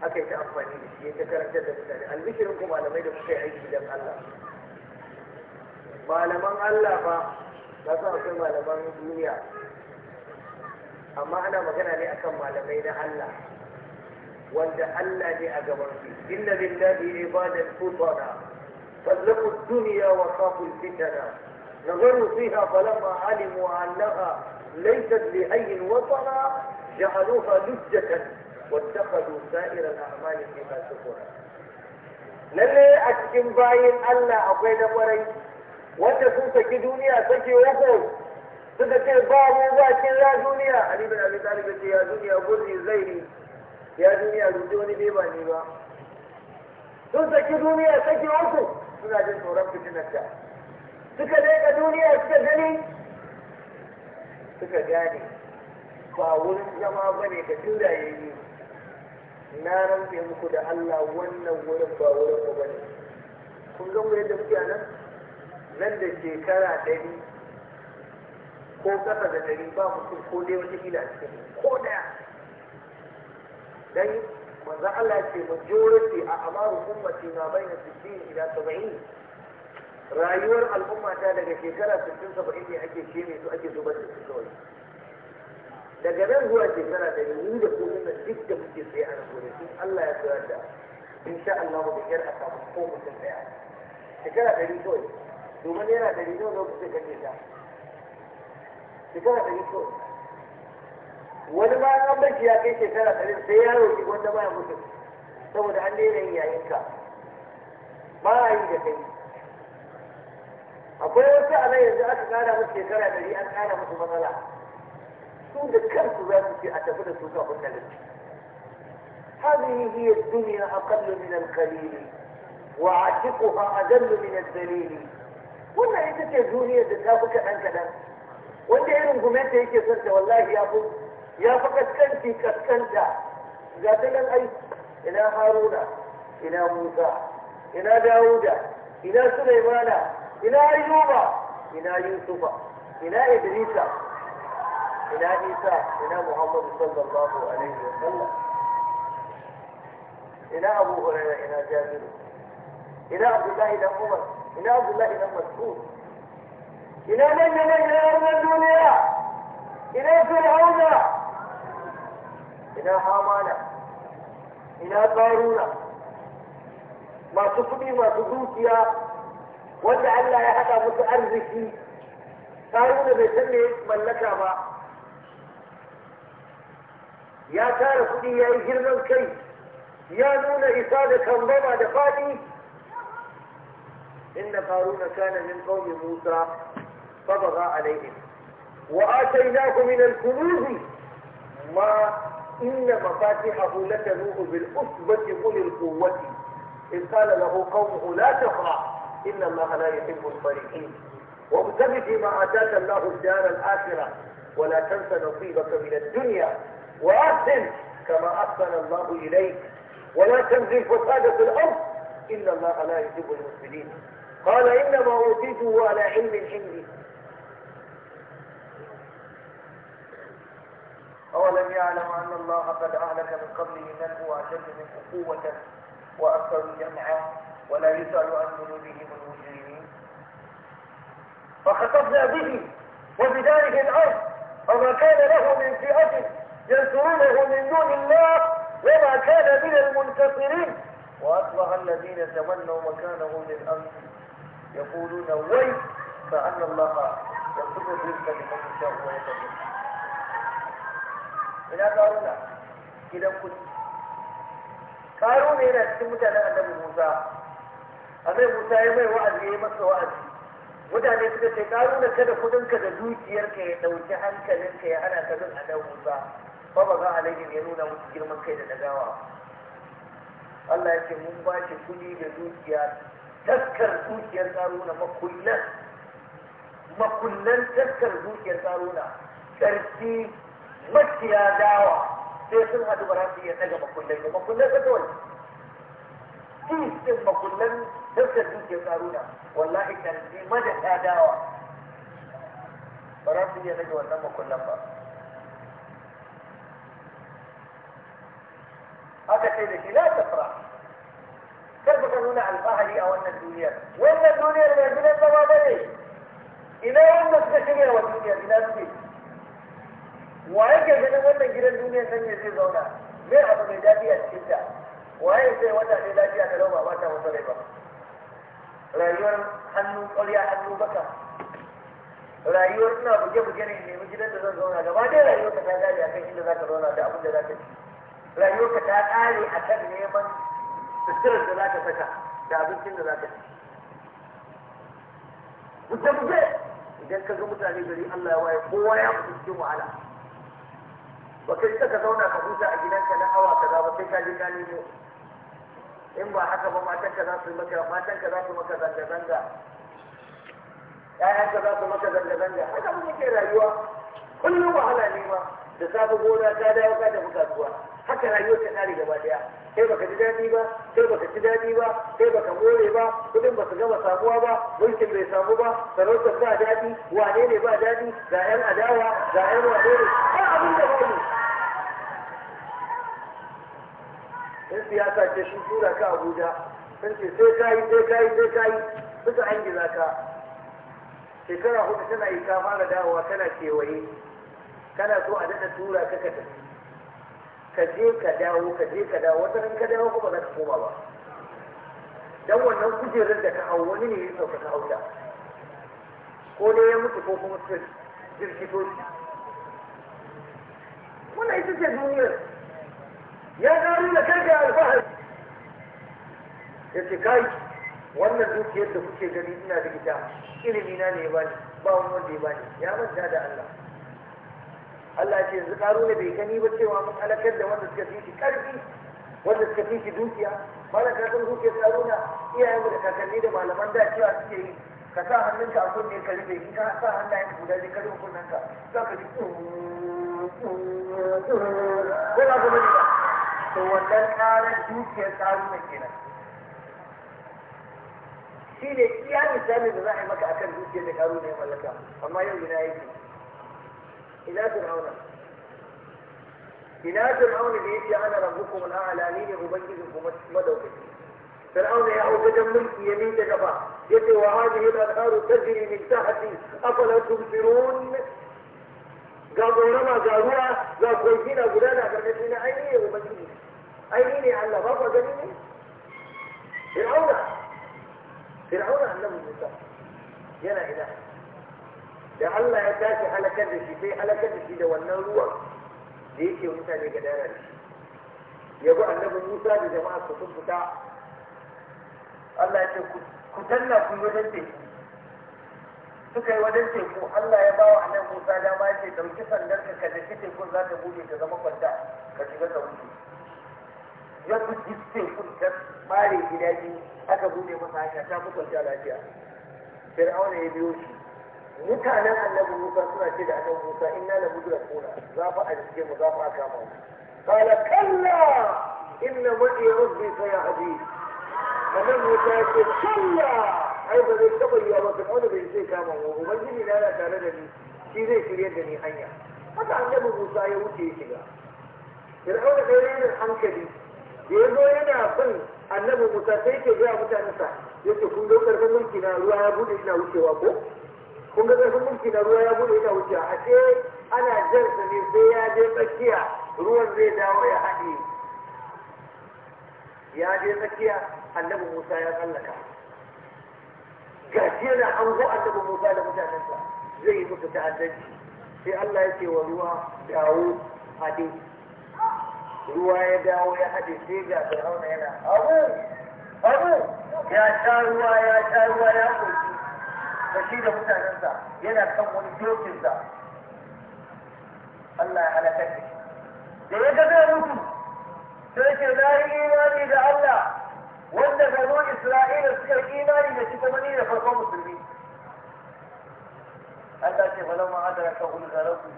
aka yi ta amfani da shi ya ta karanta da mutane albishirin ku malamai da muka yi aiki don Allah malaman Allah ba za su akwai malaman duniya amma ana magana ne akan malamai na Allah wanda Allah ne a gaban su inna lillahi ibadan futana fadlaku dunya wa khafu fitana نظروا فيها فلما علموا أنها ليست لأي وطنا جعلوها لجة واتخذوا سائر الأعمال فيما سكرت lalle a cikin bayin Allah akwai na kwarai wanda sun saki duniya sake wako suka ce ba mu ba kin ya duniya ali bin abi talib ce ya duniya gurri zairi ya duniya rubuce wani bai ba ne ba sun saki duniya saki uku suna jin tsoron ta suka leka duniya suka gani suka gane ba wurin zama ba ne ka tura ya yi na rantse muku da Allah wannan wurin ba wurin ku ba ne kun ga mu yadda muke nan nan da shekara ɗari ko gaba da dari ba mutum ko dai wata kila a cikin ko daya dan manzo Allah ya ce majority a amaru ummati na baina 60 ila 70 rayuwar al'umma ta daga shekara 60 70 ne ake sheme su ake zubar da su kawai daga nan zuwa shekara da ni da ku nan duk da muke sai a gobe sun Allah ya tsaya da insha Allah da kyar a samu ko mutum daya shekara 100 kawai domin yana 100 ne zo ku sai kake ta shekara ɗari kawai wani ma an barci ya kai shekara ɗari sai ya roƙi wanda ba ya mutu saboda an daina yin yayin ka ba a yi da kai akwai wasu a nan yanzu aka ƙara musu shekara ɗari an ƙara musu matsala su da kansu za su ce a tafi da su kafin na lokaci هذه هي الدنيا أقل من القليل وعاتقها أجل من الذليل وما إذا كان دنيا تتابك عن كلام wanda irin gumenta yake son ta wallahi ya fi ya fi kaskanci kaskanta ga ta nan ai ina haruna ina musa ina dawuda ina sulaimana ina ayuba ina yusufa ina idrisa ina isa ina muhammadu sallallahu alaihi wa sallam ina abu hurairah ina jabiru ina abdullahi dan umar ina abdullahi dan mas'ud إلى من إلى أرض الدنيا إلى فرعون إلى حامانة إلى قارون ما تصبي ما تدوك يا واجعل لا يحدى متأرضك قارون بيسمي من لك ما يا تارك لي يا إجرنا الكي يا نون إصادة كم دفاتي إن قارون كان من قوم موسى فبغى عليهم وآتيناه من الكنوز ما إن مفاتحه لتنوء بالأسبة قل القوة إذ قال له قومه لا تفرح إن الله لا يحب الصالحين وابتغ فيما آتاك الله الدار الآخرة ولا تنس نصيبك من الدنيا وأحسن كما أحسن الله إليك ولا تنزل فسادة في الأرض إن الله لا يحب المسلمين قال إنما أوتيته على علم عندي أولم يعلم أن الله قد أهلك من قبله من هو أشد منه قوة وأكثر جمعا ولا يسأل عن ذنوبهم المجرمين فخطفنا به وبذلك الأرض وما كان له من فئة ينصرونه من دون الله وما كان من المنتصرين وأصبح الذين تمنوا مكانه للأمس يقولون ويل فأن الله يصب الرزق لمن شاء ويتمنى ina karuna gidan kudi karuna yana cikin mutanen annabi musa annabi musa ya mai wa'azi ya yi masa wa'azi mutane suka ce karuna kada ka da ka ya ɗauki ka ya ana ka bin annabi musa fa ba za a laifin ya nuna musu girman kai da dagawa Allah ya ce mun ba shi kudi da dukiya taskar dukiyar karuna makullan makullan taskar dukiyar karuna ƙarfi مكيا دعوة سيصلها دبراتية تجمع كلين وما كلين تدول في سلم كلين تبسل دوك يسارونا والله كان في مجهة دعوة براتية تجمع نمو كلين هذا شيء لكي لا تفرح كيف تقولون على الفاهلي او ان الدنيا وان الدنيا اللي يجب ان تبادلي الى ان تستشمع والدنيا بلا سبيل wa yake ganin wannan gidan duniyar nan ne zai zauna me abu mai daɗi a cikin ta waye sai wata ne lafiya da lauma ba ta wasa rai ba rayuwar hannu ƙarya hannu baka rayuwar ina buge-buge ne nemi gidan da zan zauna gaba dai rayuwar ka ta gane a kan inda za zauna da abin da za ci rayuwar ka ta ƙare a kan neman suturar da za ka saka da abincin da za ka ci buge-buge idan ka ga mutane gari Allah ya waye kowa ya mutu cikin wahala ba kai ka zauna ka huta a gidanka na awa kaza ba sai ka je ka nemo in ba haka ba matan ka za su maka matan ka za su maka zanga zanga Ya'yanka ka za su maka zanga zanga haka yake rayuwa kullum wahala ne ma da safe gona ta dawo ka tafi kasuwa haka rayuwar ta tare gaba daya kai baka ji daɗi ba kai baka ci dadi ba kai baka more ba kudin baka gama samuwa ba mulkin bai samu ba sarautar ba daɗi wane ne ba daɗi ga yan adawa ga yan wane ne ba abin da babu in siyasa ce shi tura ka abuja sun ce sai kayi sai kayi sai kayi suka an gina ka shekara hudu tana yi ka fara dawowa tana kewaye kana so a daɗa tura ka ka tafi ka je ka dawo ka je ka dawo wata ran ka dawo kuma za ka koma ba dan wannan kujerar da ka hau wani ne ya sauka ka hauta ko dai ya mutu ko kuma su jirgin shi wannan ita ce duniyar ya ƙaru da karfe alfahari ya ce kai wannan dukiyar da kuke gani ina da ita ilimina ne ya bani ba wani wanda ya bani ya manta da Allah Allah ya ce yanzu ne bai gani ba cewa mun alakar da wanda suka fi shi karfi wanda suka fi shi dukiya malam ka san na iyayen mu da kakanni da malaman da cewa suke yi ka sa hannunka a kunne ka rufe in ka sa hannayen ka guda biyu ka rufe kunnenka za ka ji ko na gaba ne ba to wannan karar dukiyar karuna kenan shi ne iya misali da za a yi maka akan dukiyar da karuna ya mallaka amma yau ina yake إلى فرعون إلى فرعون بيت أنا ربكم الأعلى مين أبينكم مدوك فرعون يا عبد الملك يمين تجبا يتي وهذه الأنهار تجري من تحتي أفلا تبصرون قالوا لما قالوا لا قالوا لنا قلنا فرنسينا أيني أبينكم أيني على بابا جميني فرعون فرعون أنه من المتحدث ينا إلهي da Allah ya tashi halakar da shi sai halakar da shi da wannan ruwan da yake mutane ga dara da shi ya bi annabi Musa da jama'a su sun fita Allah ya ce ku tanna ku wajen teku suka yi wajen teku Allah ya ba wa annabi Musa dama ya ce dauki sandar ka ka daki tekun za ta bude ka zama kwanta ka shiga ka wuce ya ku ji tekun ta mare gida biyu aka bude masa hanya ta mutunta lafiya fir'auna ya biyo shi mutanen annabi Musa suna ce da annabi Musa inna la mudrakuna za fa a cikin mu za fa aka mu qala kalla inna wadi rabbi hadi annabi Musa ya ce kalla ai ba zai taba yi ba ka kauna bai sai kama mu ubangiji na tare da ni shi zai shirye da ni hanya haka annabi Musa ya wuce ya shiga Fir'aun da yayin hankali da ya zo yana bin annabi Musa sai ke ga mutanensa yake kun ga karfin mulki na ruwa ya bude ina wucewa ko kun ga ƙarfin mulki na ruwa ya bude ina wuce ce ana jarsa ne sai ya je tsakiya ruwan zai dawo ya haɗe ya je tsakiya annabi musa ya tsallaka gashi yana hango annabi musa da mutanensa zai yi musu ta'addanci sai allah ya ce wa ruwa dawo haɗe ruwa ya dawo ya haɗe sai ga fir'auna yana abu abu ya sha ruwa ya sha ruwa ya koki da shi da mutanensa yana kan wani dokinsa Allah ya halakar da shi da ya ga zai mutu sai ce na yi imani da Allah wanda gano Isra'ila suka yi imani da shi kuma ni da farkon musulmi Allah ce falamma adraka ulgaraku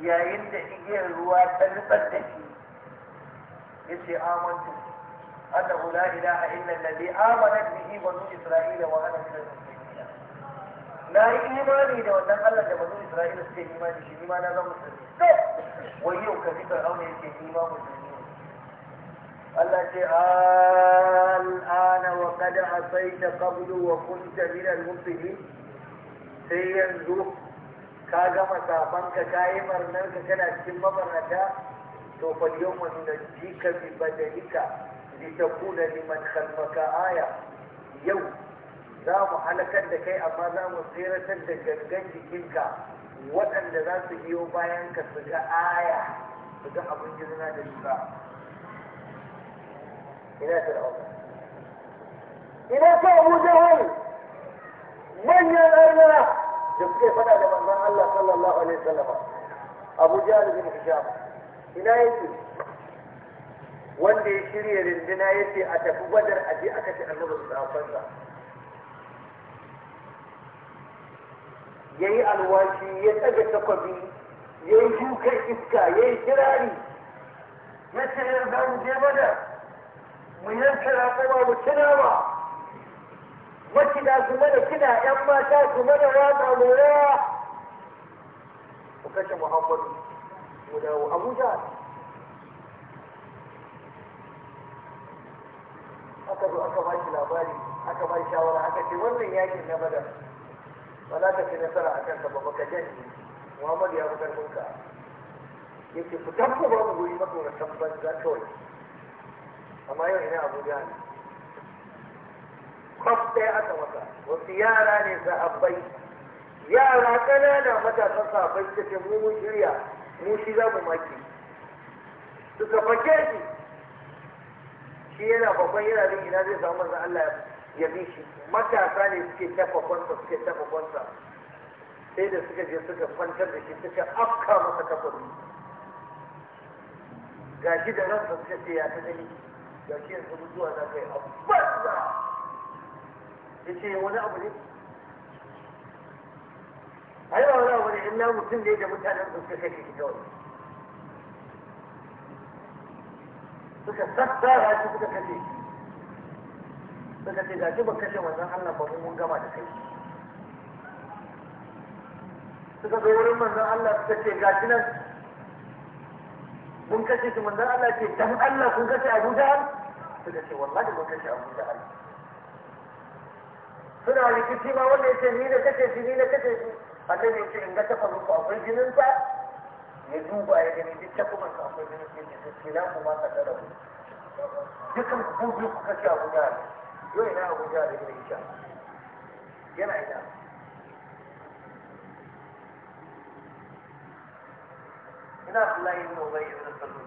yayin da igiyar ruwa ta rubar da shi yace amantu annahu la ilaha illa alladhi amanat bihi banu isra'ila wa ana min al na yi imani da wannan Allah da manzon Isra'ila suke imani shi ni ma na zama musulmi to wai yau ka ji Fir'auna yake ni ma musulmi Allah ce al'ana wa qad asaita qablu wa kunta min al-mufsidin sai yanzu ka gama safanka ka yi barnar ka kana cikin mabarnata to fa yawma nunajjika bi badalika litakuna liman khalfaka aya yau za mu halakar da kai amma za mu tseratar da gangan jikinka waɗanda za su biyo bayan ka su ga aya su ga abin girma da ba. ina fir'auna ina ta abu jahal manyan arna da suke fada da manzon Allah sallallahu alaihi wasallam abu jahal bin hisham ina yake wanda ya shirya rindina ya ce a tafi gwadar aje aka ci annabi da sahabbansa ya yi alwashi ya tsaga takwabi ya yi shukar iska ya yi kirari ya ce ya za mu je mana mu yanka raƙuma mu cina ma makina su mana kina yan mata su mana waka mu rawa ku kashe muhammadu mu dawo abuja aka zo aka ba shi labari aka ba shawara aka ce wannan yakin na badar ba za ka nasara a kanka ba baka janye Muhammadu ya fi karfinka yake fitan ku ba mu guri makoratan banza kawai amma yau ina abuja ne kwaf ɗaya aka masa wasu yara ne sahabbai yara ƙanana matasan sahabbai suka ce mu mun shirya mu shi za mu maki suka fake shi shi yana babban yana da ina zai samu manzon Allah ya ya bi shi matasa ne suke tafa kwanta suke tafa kwanta sai da suka je suka kwantar da shi suka afka masa kafari ga shi da ransa suka ce ya ta gani ga shi yanzu mutuwa na kai yi abbanza ya ce wani abu ne a yi wani abu ne in na mutum ne da mutanen su suka kashe shi kawai suka sassara shi suka kashe shi suka ce gashi ba kashe manzon Allah ba mun gama da kai suka zo wurin manzon Allah suka ce gashi nan mun kashe shi manzon Allah ce dan Allah kun kashe Abu Jahl suka ce wallahi mun kashe Abu Jahl suna rikici ma wanda ya ce ni na kashe shi ni na kashe shi a ya ce in ga tafa muku akwai jinin sa ya duba ya gani duk ta kuma akwai jinin sa ya ce kila kuma ka tsara ku Dukkan ku ku kashe Abu Jahal yau ina abuja da gina isha yana ina ina Allah yin nobai yin nasaru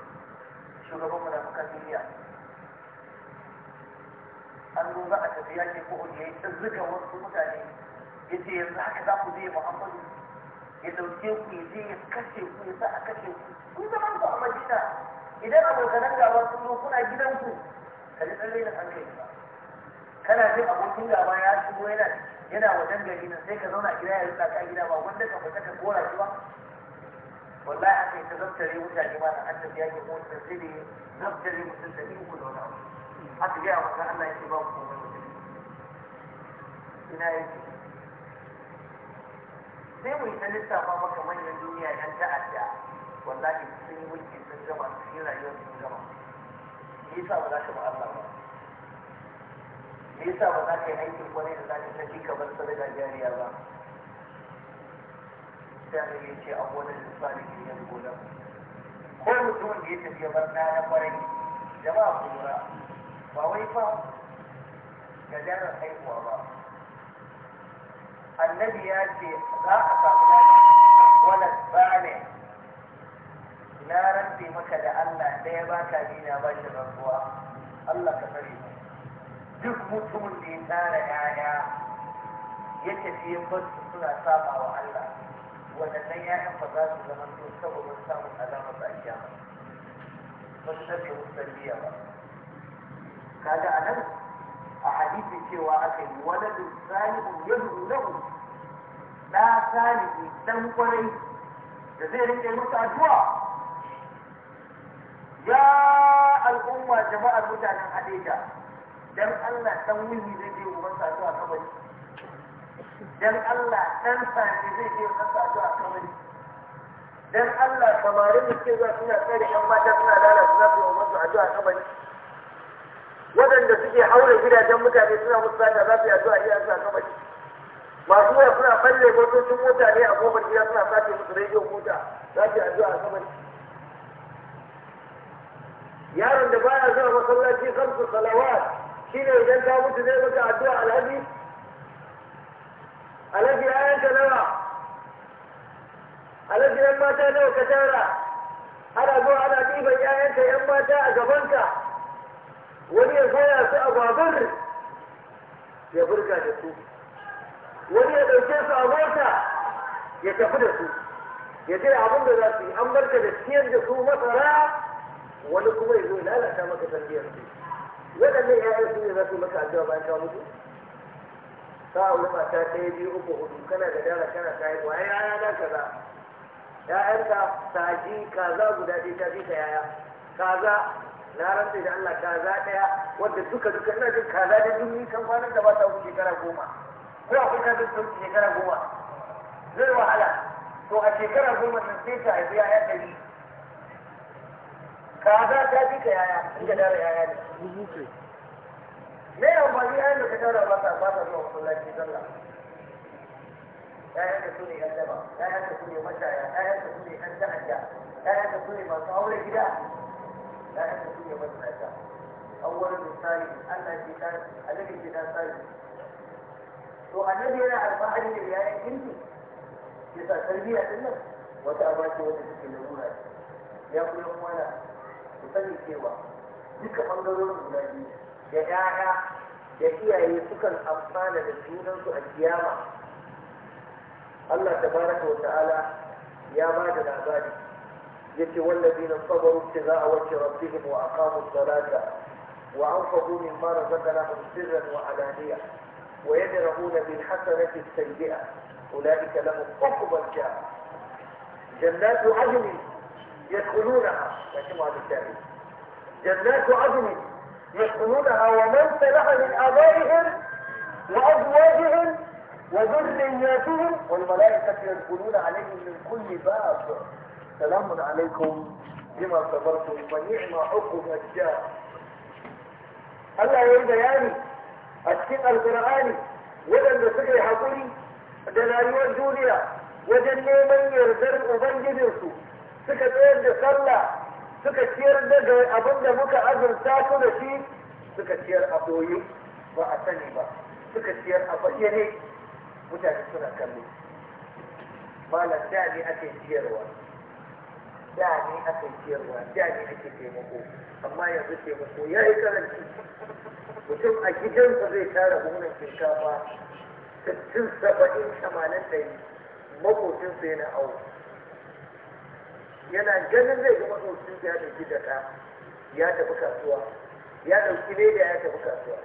shugaban mu na makasiriya an zo za a tafi yaki ko ne ya yi tsirrika wasu mutane ya ce yanzu haka za ku zai muhammadu ya dauke ku ya je ya kashe ku ya sa a kashe ku kun zama gidanku ka ji kana jin abokin gaba ya shigo yana yana wajen gari nan sai ka zauna gida ya rusa ka gida ba wanda ka fita ka kora shi ba wallahi aka yi ta zaftare mutane ba na an tafi yakin motsa sai da zaftare mutum da ni uku da wani abu aka gaya Allah ya ce ba ku ina yake sai mu yi ta lissafa maka manyan duniya yan ta'adda wallahi sun yi mulki sun gama sun yi rayuwar sun gama ni yasa ba za ka ba Allah ba me yasa ba za ka yi aikin kwarai da za ka tafi kamar sadaka jariya ba sai ya ce a abuwa da salihin yan gona ko mutumin da ya tafi ya bar ɗaya kwarai jama'a ku lura ba wai fa gajarar haihuwa ba annabi ya ce za a samu wani tsane na rantse maka da Allah ɗaya ba ka dina ba shi rantsuwa Allah ka tsare mu. duk mutumin da ya tsara yaya ya tafi ya basu suna saba wa Allah waɗannan ya'yan ba za su zama to saboda samun alamar da ake ba ba su tafi musalliya ba kaga a nan a hadisi cewa aka yi waladun ya yadu lahu ɗa salihi ɗan kwarai da zai rike masa addu'a ya al'umma jama'ar mutanen Hadija dan Allah dan wuni zai je wa masa zuwa kabari dan Allah dan sani zai je wa masa zuwa kabari dan Allah samari da ke zuwa suna tsare an yan mata suna lalata suna zuwa masa a zuwa kabari waɗanda suke haure gidajen mutane suna musu sata za su yi a iya zuwa kabari masu waya suna falle motocin mota ne a kofar gida suna sace musu rediyo mota za su yasu a kabari yaron da baya zuwa masallaci kamsu salawat shi ne idan ka mutu zai maka addu'a alhaji alhaji ya ka nawa alhaji yan mata nawa ka tara ana zuwa ana ɗiban ƴaƴanka yan mata a gabanka wani ya goya su a babur ya burka da su wani ya ɗauke su a mota ya tafi da su ya ce abin da za su yi an barka da siyar da su masara wani kuma ya zo lalata maka tarbiyyar su waɗannan ƴaƴan su ne za su maka addu'a bayan ka mutu ka wani mata ɗaya biyu uku hudu kana da dara kana kayi wa yaya na kaza ta saji kaza guda ɗaya ta fi ka yaya kaza na rantsa da Allah kaza ɗaya wadda duka duka ina jin kaza da duk nisan kwanan da ba ta wuce shekara goma ko akwai ta duk wuce shekara goma zai wahala to a shekara goma nan sai ta haifi yaya ɗari kaza ta fi ka yaya in ka dara yaya ne dubu ce me amfani ayin da ka tara ba ta ba ta zuwa masallaci sallah Ya'yan da su ne ƴan daba ƴaƴan da su ne mashaya ƴaƴan da su ne ƴan ta'adda Ya'yan da su ne masu aure gida ƴaƴan da su ne masalata awwalul misali Allah ke ta alladhi ke dan sai to annabi yana alfahari da yayin kinki ke sa tarbiyya din nan wata abace wata take da ya kuma mana ku sani cewa duka ɓangarorin guda biyu da ɗaya da iyaye sukan amfana da junansu a kiyama Allah tabaraka wa ta'ala ya ba da labari yace wallazina sabaru ibtigha'a wajhi rabbihim wa aqamu as-salata wa anfaqu mimma razaqnahum sirran wa alaniya wa yadra'una bil hasanati as-sayyi'a ulaika lahum uqba al-jar jannatu adnin yadkhulunha lakin ma bi جنات عدن يدخلونها ومن سلح من ابائهم وازواجهم وذرياتهم والملائكه يدخلون عليهم من كل باب سلام عليكم بما صبرتم ونعم حكم الجار الله يا بياني الشيء القراني ولن تسجل حقولي دلالي والدوليا وجنيه من يرزر أبنجي برسو سكت أين دي suka ciyar daga abin da muka azurta su da shi suka ciyar a boye ba a sani ba suka ciyar a bayyane mutane suna kallo malam da ne ake ciyarwa da ne ake ciyarwa da ne ake taimako amma yanzu taimako ya yi karanci mutum a gidansa zai tara buhunan shinkafa 60 saba'in tamanin ɗari makocinsa yana auri. yana ganin zai ga matsaucin ya ɗauki daga ya tafi kasuwa ya ɗauki leda ya tafi kasuwa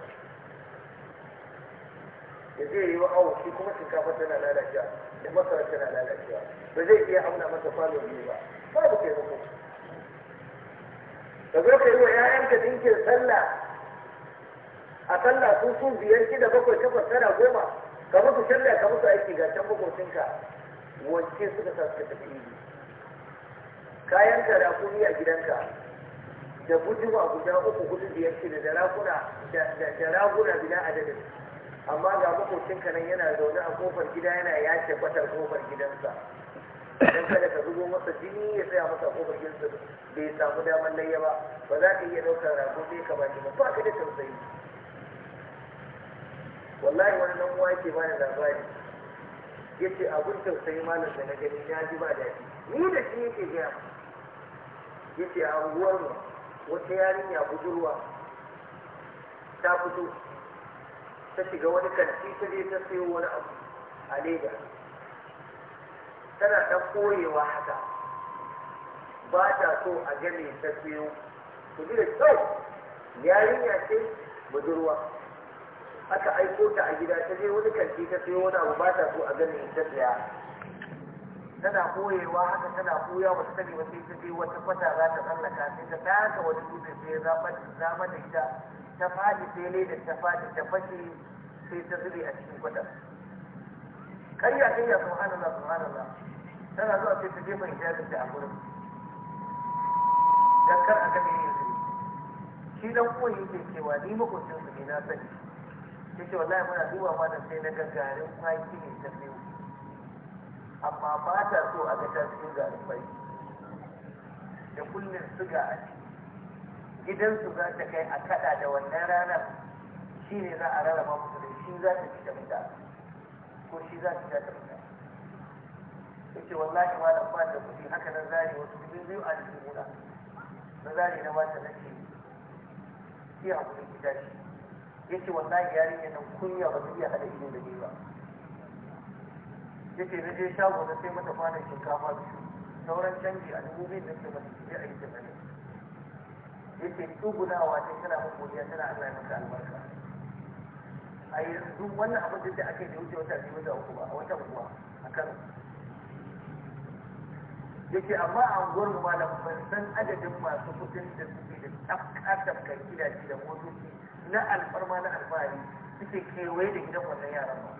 da zai yi wa awon shi kuma shinkafa tana lalacewa da masara tana lalacewa ba zai iya auna masa falo ne ba ba kai taimako da zo kai yi wa 'ya'yanka dinkin sallah a sallah sun sun biyar shida bakwai takwas tara goma ka musu sallah ka musu aiki ga can makocinka wance suka sa suka tafi inji kayan ka rakumi a gidanka da bujuma guda uku hudu biyar shida da raguna da raguna bila adadin amma ga ka nan yana zaune a kofar gida yana yace kwatar kofar gidansa don kada ka zubo masa jini ya tsaya masa kofar gidansa bai samu damar layya ba ba za ka iya daukar rago sai ka baki ba ba ka da tausayi wallahi wani nan uwa yake bani labari yace abun tausayi malam da na gani na ji ba daɗi ni da shi yake gaya yace a unguwar mu wata yarinya budurwa ta fito ta shiga wani kanti ta je ta sayo wani abu a leda tana ɗan koyewa haka ba ta so a gane ta sayo ku ji da kyau yarinya ce budurwa aka aiko ta a gida ta je wani kanti ta sayo wani abu ba ta so a gane ta saya tana koyewa haka tana koya ba sani ba sai ta je wata kwata za ta tsallaka sai ta taka wani dutse sai ya mata da ita ta fadi sai da ta fadi ta fashe sai ta zube a cikin kwatar ƙarya ƙarya subhanallah subhanallah tana zuwa sai ta jefa hijabin ta a gurin dan kar a ga me yake shi dan uwan yake cewa ni makwacin su ne na sani yace wallahi muna duba ma da sai na gagarin kwaki ne ta biyu amma ba ta so a ga ta cikin garin da kullum suga a ciki gidansu za ta kai a kada da wannan ranar shi ne za a rarraba musu da shi za ta ci ta fita ko shi za ta ci ta fita ya ce wallahi malam ba da kuɗi haka na zari wasu dubu biyu a cikin muna na zari na ba ta na ce ki hakuri ki tashi ya ce wallahi yarinya nan kunya ba ta iya hada ilimin da ni ba yake na je shago na sai mata kwanan shinkafa biyu sauran canji a dubu biyu da ke mata je a yi tunani yake wa ce tana mun godiya tana Allah ya maka albarka a yanzu wannan abin da ake da wuce wata biyu da uku ba a wata buwa a Kano yake amma a unguwar malam ban san adadin masu kudin da suke da tafka tafka gidaje da motoci na alfarma na alfahari suke kewaye da gidan wannan yaran ba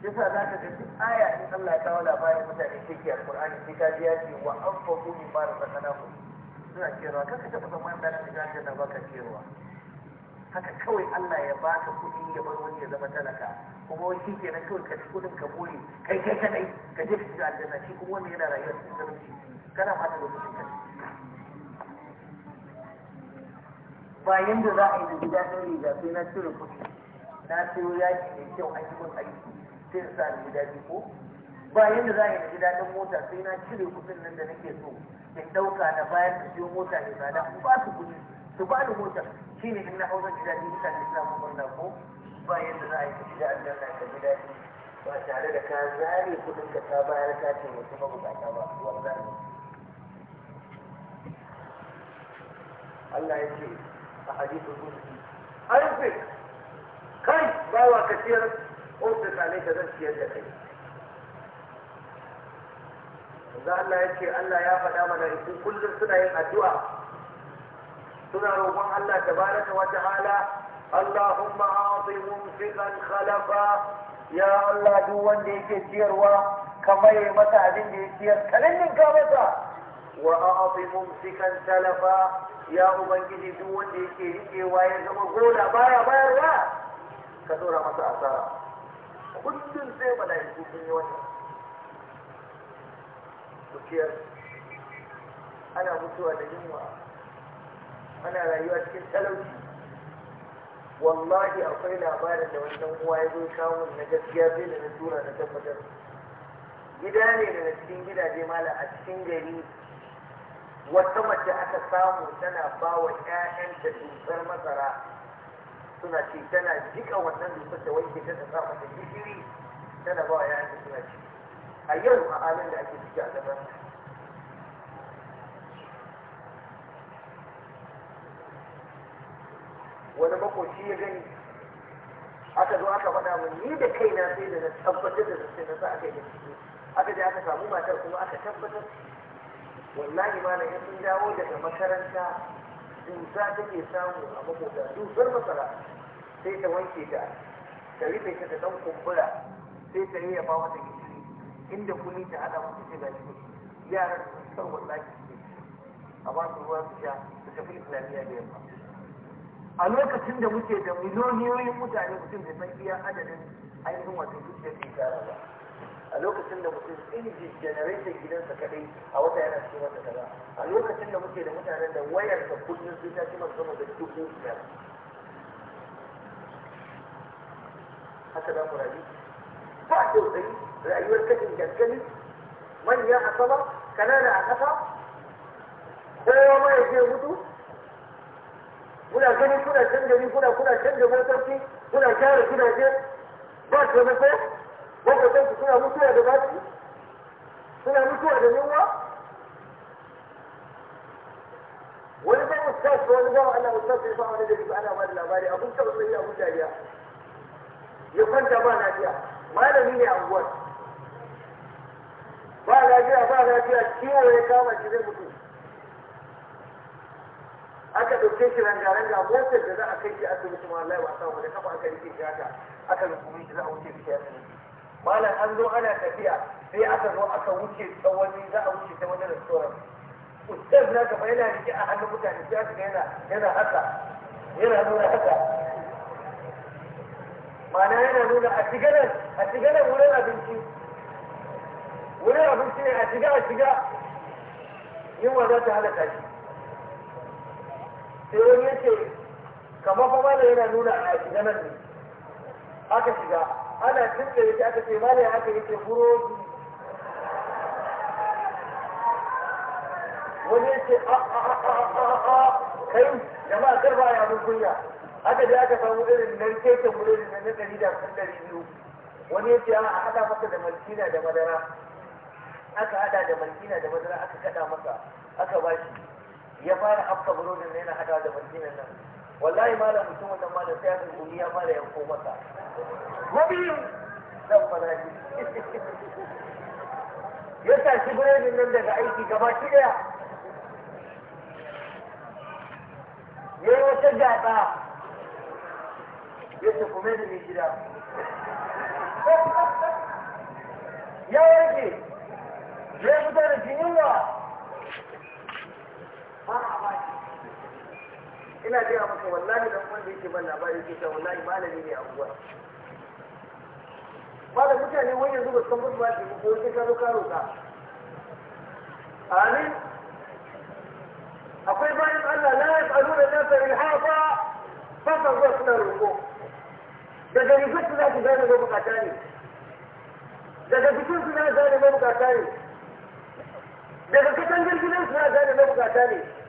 yasa za ka ga duk aya in Allah ya kawo labarin mutane ke ke alƙur'ani sai ka ji ya ce wa an faɗo min ba da ku suna cewa kanka ta tsammanin da na da aljanna ba baka cewa haka kawai Allah ya baka kuɗi ya bar wani ya zama talaka kuma wani shi kenan kawai ka ci kuɗin ka more kai kai kadai ka je ka shiga aljanna shi kuma wanda yana rayuwar cikin talauci kana fata lokacin ka ba da za a yi da gida ɗin riga sai na cire kuɗi na siyo yaki mai kyau a yi min aiki sai in sa gida daɗi ko ba yadda za a yi na gida daɗin mota sai na cire kuɗin nan da nake so in ɗauka na bayar da siyo mota ne ba ku ba su kuɗi su ba ni mota shi ne in na hau zan ji daɗi mutane suna mun murna ko ba yadda za a yi ka shiga aljanna ka ji daɗi ba tare da ka zare kuɗin ka ta bayar ka ce wasu mabukata ba wallahi Allah ya ce a hadisul qudsi arfi kai bawa kasiyar ko ka same zan ciyar da kai za Allah ya ce Allah ya faɗa mana isu kullum suna yin addu'a suna roƙon Allah ta wa ta'ala Allahumma a'ti mumsikan khalafa ya Allah duk wanda yake ciyarwa ka maye masa abin da ya ciyar kanin ka masa wa a'ti mumsikan talafa ya ubangiji duk wanda yake rikewa ya zama gona baya bayarwa ka dora masa asara kullum sai mala'iku sun yi wannan dukiyar ana mutuwa da yunwa ana rayuwa cikin talauci wallahi akwai labarin da wannan uwa ya zo kawo na gaskiya bai da na tura na tabbatar gida ne da daga cikin gidaje mala a cikin gari wata mace aka samu tana ba wa 'ya'yanta dusar masara suna ci tana jika wannan dusar da wanke ta sa mata gishiri tana ba ya ta suna ci a yau a halin da ake ciki a gaban wani makoci ya gani aka zo aka faɗa mun ni da kaina sai da na tabbatar da sai na sa aka yi bincike aka je aka samu matar kuma aka tabbatar wallahi ma na sun dawo daga makaranta cuta take samu a makota dusar masara sai ta wanke ta ta rufe ta da ɗan kumbura sai ta yi yaba wata gishiri inda kuni ta hada wata ce gashi yaran su san wallahi a ba su ruwa su sha su tafi islamiyya da yamma a lokacin da muke da miliyoyin mutane mutum da san iya adadin ainihin wata zuciyar da ya ba a lokacin da mutum inji generation gidansa kadai a wata yana cikin wata kaza a lokacin da muke da mutanen da wayar da kullum sai ta kima sama da dubu biyar haka za mu rayu ba tausayi rayuwar kashin dankali manya a sama kanana a kasa kowa ma ya je mutu muna gani kuna canja ni kuna kuna canja motoci kuna gyara gidaje ba taimako makwatan su suna mutuwa da zafi suna mutuwa da yunwa wani zai ustaz ko wani zama Allah ustaz sai ba wani da bisa ana bada labari abun ta usai abun dariya ya kwanta ba lafiya malami ne a unguwar ba lafiya ba lafiya ciwo ya kama shi zai mutu aka ɗauke shi ranga-ranga motar da za a kai shi asibiti ma Allah ya wasa mu da kafa aka rike shi haka aka rubuta shi za a wuce shi asibiti malam an zo ana tafiya sai aka zo aka wuce tsawon za a wuce ta wani restaurant ustaz na gaba yana rike a hannun mutane sai aka yana yana haka yana nuna haka mana yana nuna a shiganan a shiga wurin abinci wurin abinci ne a shiga a shiga yunwa za ta halaka shi sai wani yake kamar fa malam yana nuna a shiganan ne aka shiga ana tunta yake aka ce malai haka yake burodi wani yake a a a a kai jama'a kar ba ya mun kunya aka je aka samu irin nan keken burodi na na ɗari da hamsin ɗari biyu wani yake ah, a haɗa masa da malkina da madara aka haɗa da malkina da madara aka kaɗa masa aka bashi ya fara afka burodin na yana haɗa da malkinan nan wallahi malam mutum wannan malam sai ya tsuguni ya fara yanko masa na biyu dan faraji ya shi. biredin nan daga aiki gaba ki daya ya yi wata gaba ya ce kuma da mai gida ya yanke ya fita da jinin wa ba a ina gaya maka wallahi dan wanda yake ban labari yake cewa wallahi malami ne a abuwa ba da mutane wani yanzu ba san ba ke, ko sai ka zo ka amin akwai bayan Allah la yasalu da nasa ilhafa fa fa zuwa suna roko daga rigar su za su gane ba bukata ne daga bikin su za su gane ba bukata ne daga katangar gidan su za su gane ba bukata ne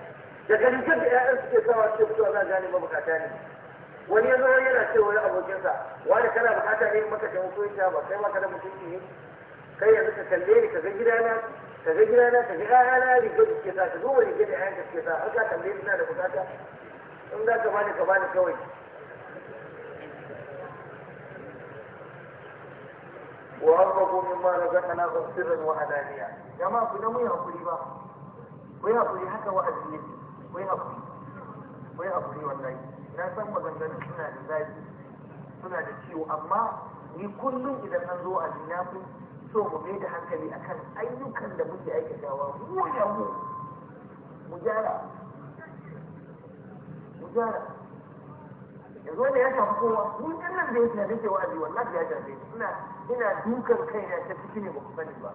daga rigar da ƴaƴan suke sawa suke fitowa za gane mabukata ne wani ya zo yana ce wani abokinsa wani kana bukata ne maka taimako ya ba kai ma kana mutunci ne kai yanzu ka kalle ni ka ga gidana ka ga gidana ka ga ƴaƴana rigar da suke sa ka duba rigar da ƴaƴanka suke sa ka kalle ni na da bukata in za ka bani ka bani kawai وأنفقوا مما رزقناهم سرا وعلانية جماعة كنا مو يا أخوي بقى ويا أخوي حتى وأذنتي kai haƙuri kai hakuri wallahi na san maganganun suna da zafi suna da ciwo amma ni kullum idan an zo a na fi so mu mai da hankali akan ayyukan da muke aikatawa mu ya mu mu gyara mu gyara yanzu wanda ya shafi kowa ni ɗan nan da ya shafi ke wa'azi wallahi ya shafi ina ina dukan kaina ta ciki ne ba ku sani ba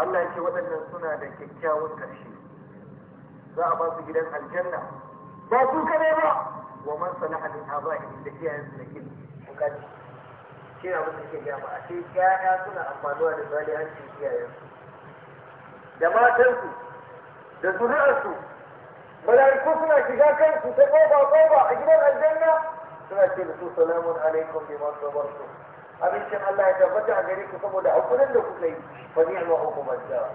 Allah ya ce waɗannan suna da kyakkyawan ƙarshe za a ba su gidan aljanna ba su kare ba wa man salaha min aba'ihim da iyayen su da kin bukati shi na musu ke gama a ce ƴaƴa suna amfanuwa da zalihancin iyayen da matansu da zuri'arsu mala'iku suna shiga kansu ta ƙofa ƙofa a gidan aljanna suna ce da su salamun alaikum bima sabartum abincin Allah ya tabbata a gare ku saboda hakurin da kuka yi fa ni'ma hukumar da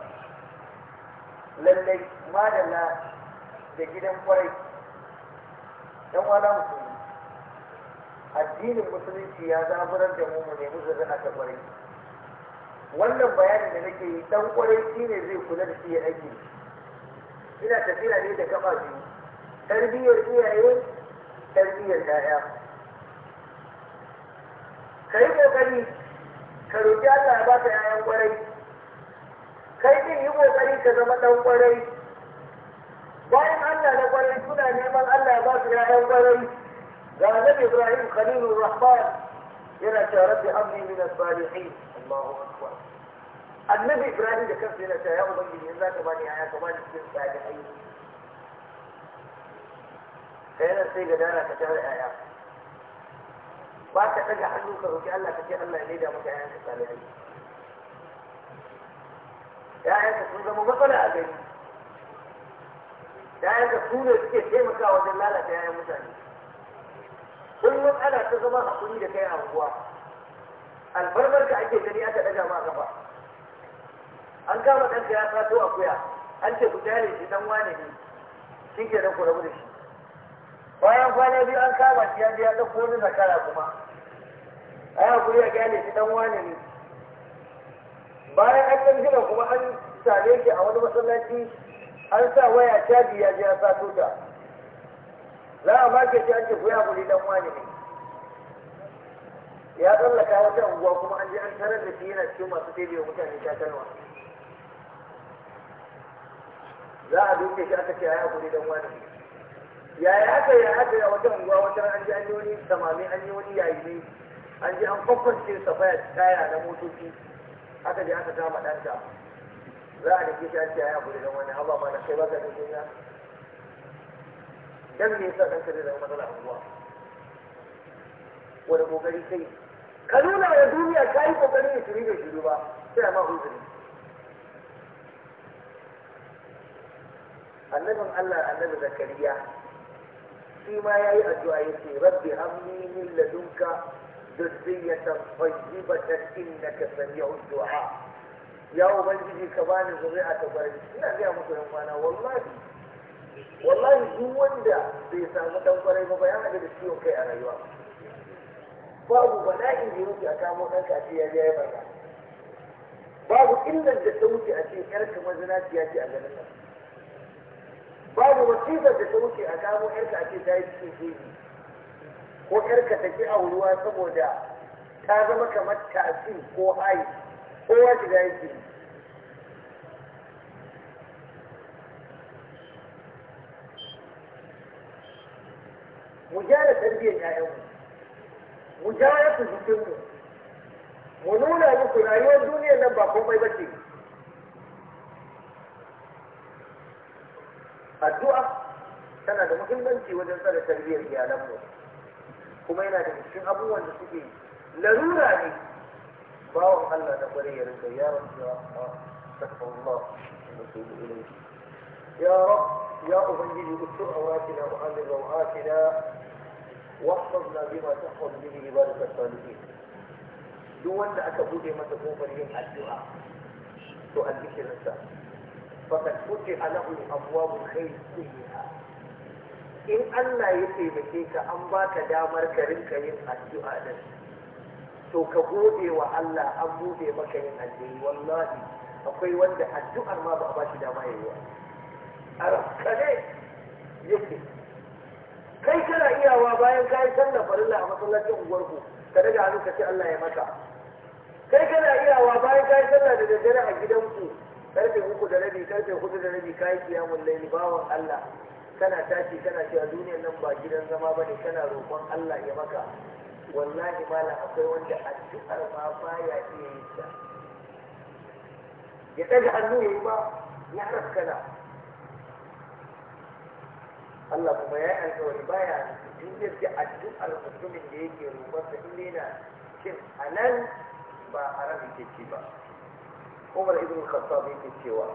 lallai madalla da gidan kwarai dan wala musulmi addinin musulunci ya zaburar da mu mu musu zuri'a ta kwarai wannan bayanin da nake yi dan kwarai shine zai kula da shi ya aiki ina tafiya ne da gaba biyu tarbiyyar iyaye tarbiyyar ɗaya. ka yi kokari ka roƙi Allah ya ka yayan kwarai kai din yi kokari ka zama dan kwarai bayan Allah na kwarai suna neman Allah ya ba su yayan kwarai ga Nabi Ibrahim Khalilur Rahman yana cewa rabbi habli min as-salihin Allahu akbar Annabi Ibrahim da kansa yana cewa ya ubangiji in zaka bani yaya ka bani cikin salihai kai sai ga dana ka tare yaya ba ta daga hannu ka roƙi Allah ka ce Allah ya leda maka ƴaƴan ka salihai ƴaƴan ka sun zama matsala a gari ƴaƴan ka su ne suke taimakawa wajen lalata ƴaƴan mutane kullum ana ta zama hakuri da kai a unguwa albarbar ka ake gani aka daga ma gaba an kama ɗanka ya sato akuya an ce ku tare shi dan wane ne shi ke ku rabu da shi bayan kwana biyu an kama shi ya je ya ɗauko wani zakara kuma ai hakuri ya kyale shi dan wane ne bayan an ɗan kuma an same shi a wani masallaci an sa waya caji ya je ya sa tuta za a make shi an ce ku ya hakuri dan wane ne ya tsallaka wata unguwa kuma an je an tarar da shi yana cikin masu tebe mutane ta kalma za a duke shi aka ce ya hakuri dan wane ne ya yi haka ya haka ya wata unguwa wata an ji an yi wani samami an yi wani yayi an ji an kwakwance safaya kaya na motoci aka je aka kama ɗanta za a dake shi an ce ya gudu da wani haba ma na kai ba baka da juna dan me yasa ɗanka zai zama matsala unguwa wani kokari kai ka nuna wa duniya ka yi kokarin ya shiri bai shiru ba sai ma uzuri annabin Allah annabi zakariya shi ma yi addu'a ya yace rabbi hamni min ladunka dhurriyatan tayyibatan innaka sami'ud du'a ya ubangiji ka bani zuri'a ta bari ina ga musu yan kwana wallahi wallahi duk wanda bai samu dan kwarai ba bayan da ciwon kai a rayuwa babu bala'in da wuce a kamo ɗan kafi ya ya barka babu illan da ta wuce a ce ƴar kamar zinaciya ce a ganin nan babu masifar da ta wuce a kamo yarka ake ta yi cikin jeji ko yarka ta ke a auruwa saboda ta zama kamar tasi ko hai kowa shiga yake mu gyara tarbiyyar ƴaƴanmu mu gyara su jikinmu mu nuna yi rayuwar duniyar nan ba komai ba ce addu'a tana da muhimmanci wajen tsare tarbiyyar iyalanmu kuma yana da cikin abubuwan da suke larura ne bawan Allah na kwarai ya rinka ya rabbi ya astaghfirullah wa atubu ilayhi ya rab ya ubangiji ustur awatina wa amil rawatina واحفظنا بما تحفظ به عبادك الصالحين duk wanda aka bude masa kofar yin addu'a to albishirinsa فقد فتح له أبواب الخير كلها in Allah ya taimake ka an baka damar ka rinka yin addu'a din to ka gode wa Allah an bude maka yin alheri wallahi akwai wanda addu'ar ma ba a bashi dama yayi ba a yake kai kana iyawa bayan kayi sallah farilla a masallacin unguwarku ka daga hannu ka ce Allah ya maka kai kana iyawa bayan kayi sallah da daddare a gidanku karfe uku da rabi karfe hudu da rabi kayi kiyamun laili bawan Allah kana tashi kana cewa duniyar nan ba gidan zama bane kana roƙon Allah ya maka wallahi malam akwai wanda addu'ar ma baya iya yin ta ya ɗaga hannu ya yi ma ya raskana Allah kuma ya yi alkawari baya duniyar da addu'ar mutumin da yake roƙon sa inda yana a nan ba a yake ci ba umar ibn khattab yake cewa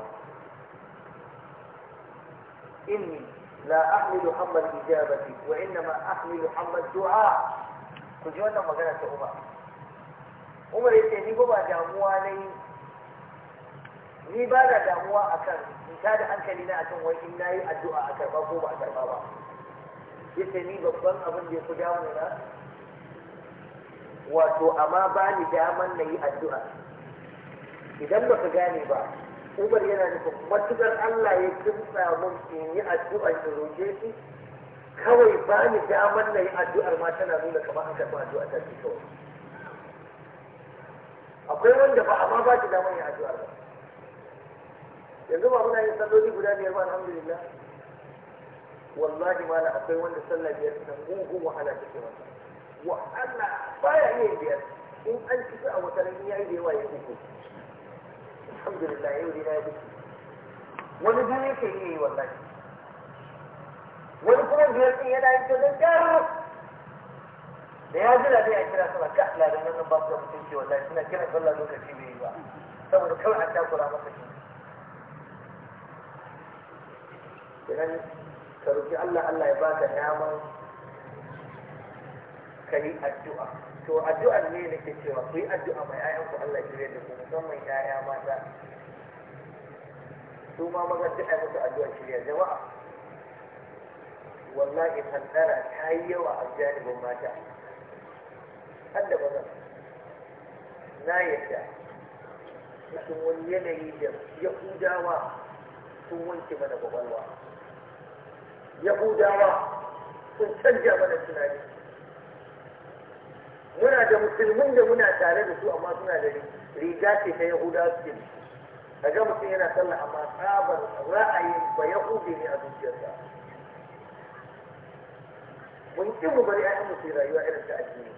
inni la ahmilu hamma al-ijabati wa innama ahmilu hamma ad-du'a ku ji wannan magana ta umar umar yace ni ba damuwa ne ni ba da damuwa akan in ta da hankali na akan wai in nayi addu'a a karba ko ba a karba ba yace ni babban abin da ya fi damu na wato amma ba ni daman na yi addu'a idan ba su gane ba umar yana nufin matukar Allah ya kimsa mun in yi addu'a in roƙe shi kawai ba ni damar na yi addu'ar ma tana nuna kamar an karɓi addu'a ta ce kawai akwai wanda ba amma ba ki damar yin addu'ar ba yanzu ba muna yin salloli guda biyar ba alhamdulillah wallahi mala akwai wanda sallah biyar na mugun wahala take masa wahala baya iya biyar in an ci a wata ran yi da yawa ya uku alhamdulillah yau dai na yi wani biyu yake iya yi wallahi wani kuma biyar ɗin yana yi ta da ƙyar da ya jira dai a kira sallah ka ladan nan ba su da mutunci wallahi suna kira sallah lokaci mai yi ba saboda kawai an takura masa shi idan ka roki Allah Allah ya baka daman ka yi addu'a to addu'ar ne da ke cewa ku yi addu'a mai ayan ku Allah ya da ku musamman 'ya'ya mata su ma maza duk ai musu addu'a shirya jama'a wallahi hantara ta yi yawa a janibin mata har da maza na yadda cikin wani yanayi da yahudawa sun wanke mana kwakwalwa yahudawa sun canja mana tunani muna da musulmin da muna tare da su amma suna da riga ce ta yahuda suke da ga mutum yana sallah amma tsabar ra'ayin ba yahudi ne a zuciyarsa mun ki mu bari ayyukan su rayuwa irin ta addini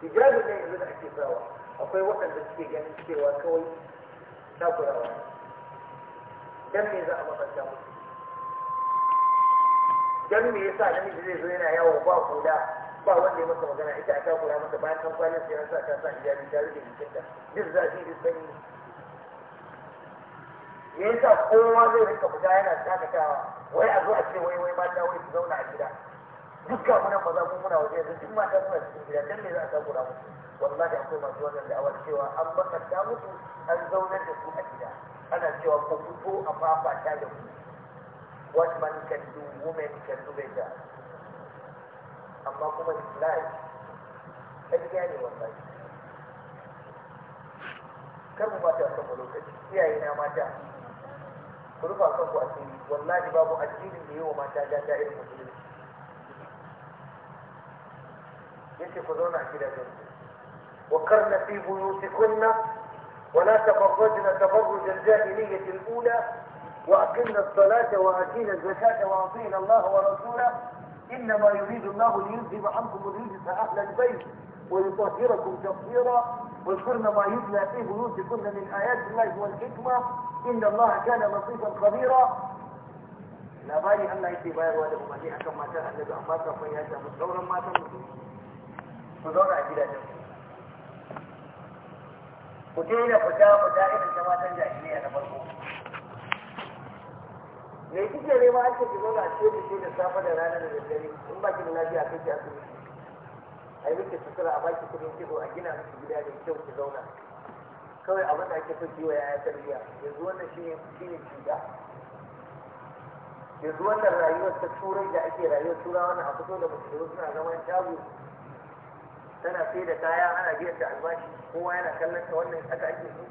hijabi ne yanzu da ake sawa akwai waɗanda suke ganin cewa kawai takurawa dan me za a mafarta musu dan me yasa namiji zai zo yana yawo ba kula ba wanda ya masa magana ita a takura masa bayan kan kwana sai an sa ta sa hijabi tare da jikinta duk zafi duk sanyi ya yasa kowa zai rika fita yana shakatawa wai a zo a ce wai wai mata wai su zauna a gida dukkan mu nan maza mu muna waje yanzu duk mata suna cikin gida dan me za a takura musu wallahi akwai masu wannan da'awar cewa an bakanta musu an zaunar da su a gida ana cewa ku fito a fafata da ku what man can do women can do better اما قوة الفلاج الجاني كم ما جاء صبروك يا اينا ما جاء قلوبا صبو اسيري والله باب اجيب اللي هو ما جاء جاء جاء المسلم يسي قدرنا كلا جنسي وقرن في بيوتكن ولا تفرجنا تفرج الجاهلية الأولى وأقمنا الصلاة وآتينا الزكاة وأعطينا الله ورسوله إنما يريد الله ليذهب عنكم الرجس أهل البيت ويطهركم تطهيرا واذكرنا ما يتلى في بيوتكن من آيات الله والحكمة إن الله كان لطيفا خبيرا لا بالي أن يأتي باير ولا أمتي أكما كان الذي أنفاسه فيها دورا ما تموتون فدورا إلى جنبه قتيل فتاة فتاة كما تنجح لي أنا مرحوم me kike nema an ce ki zauna a ce ki da safe da rana da daddare in ba ki da lafiya kai ki asibiti a yi miki sutura a baki kudin kizo a gina miki gida da kyau ki zauna kawai abin da ake so ki wa yaya tarbiyya yanzu wannan shi ne shi ne cuta yanzu wannan rayuwar ta turai da ake rayuwar turawa na a fito da musulmi suna zaman shago tana sai da kaya ana biyar da albashi kowa yana kallon ta wannan haka ake so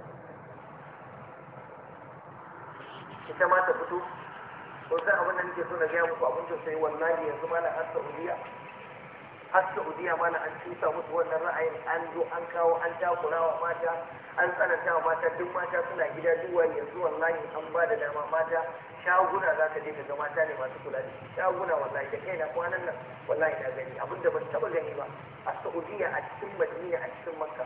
ita ma ta fito ko sai abin da nake so na gaya muku abin da sai wallahi yanzu mana har Saudiya har Saudiya mana an cuta musu wannan ra'ayin an zo an kawo an takurawa mata an tsananta wa mata duk mata suna gida duwa yanzu wallahi an ba da dama mata shaguna za ka je ka ga mata ne masu kula da shi shaguna wallahi da kaina kwanan nan wallahi na gani abin da ban taba gani ba a Saudiya a cikin Madina a cikin Makka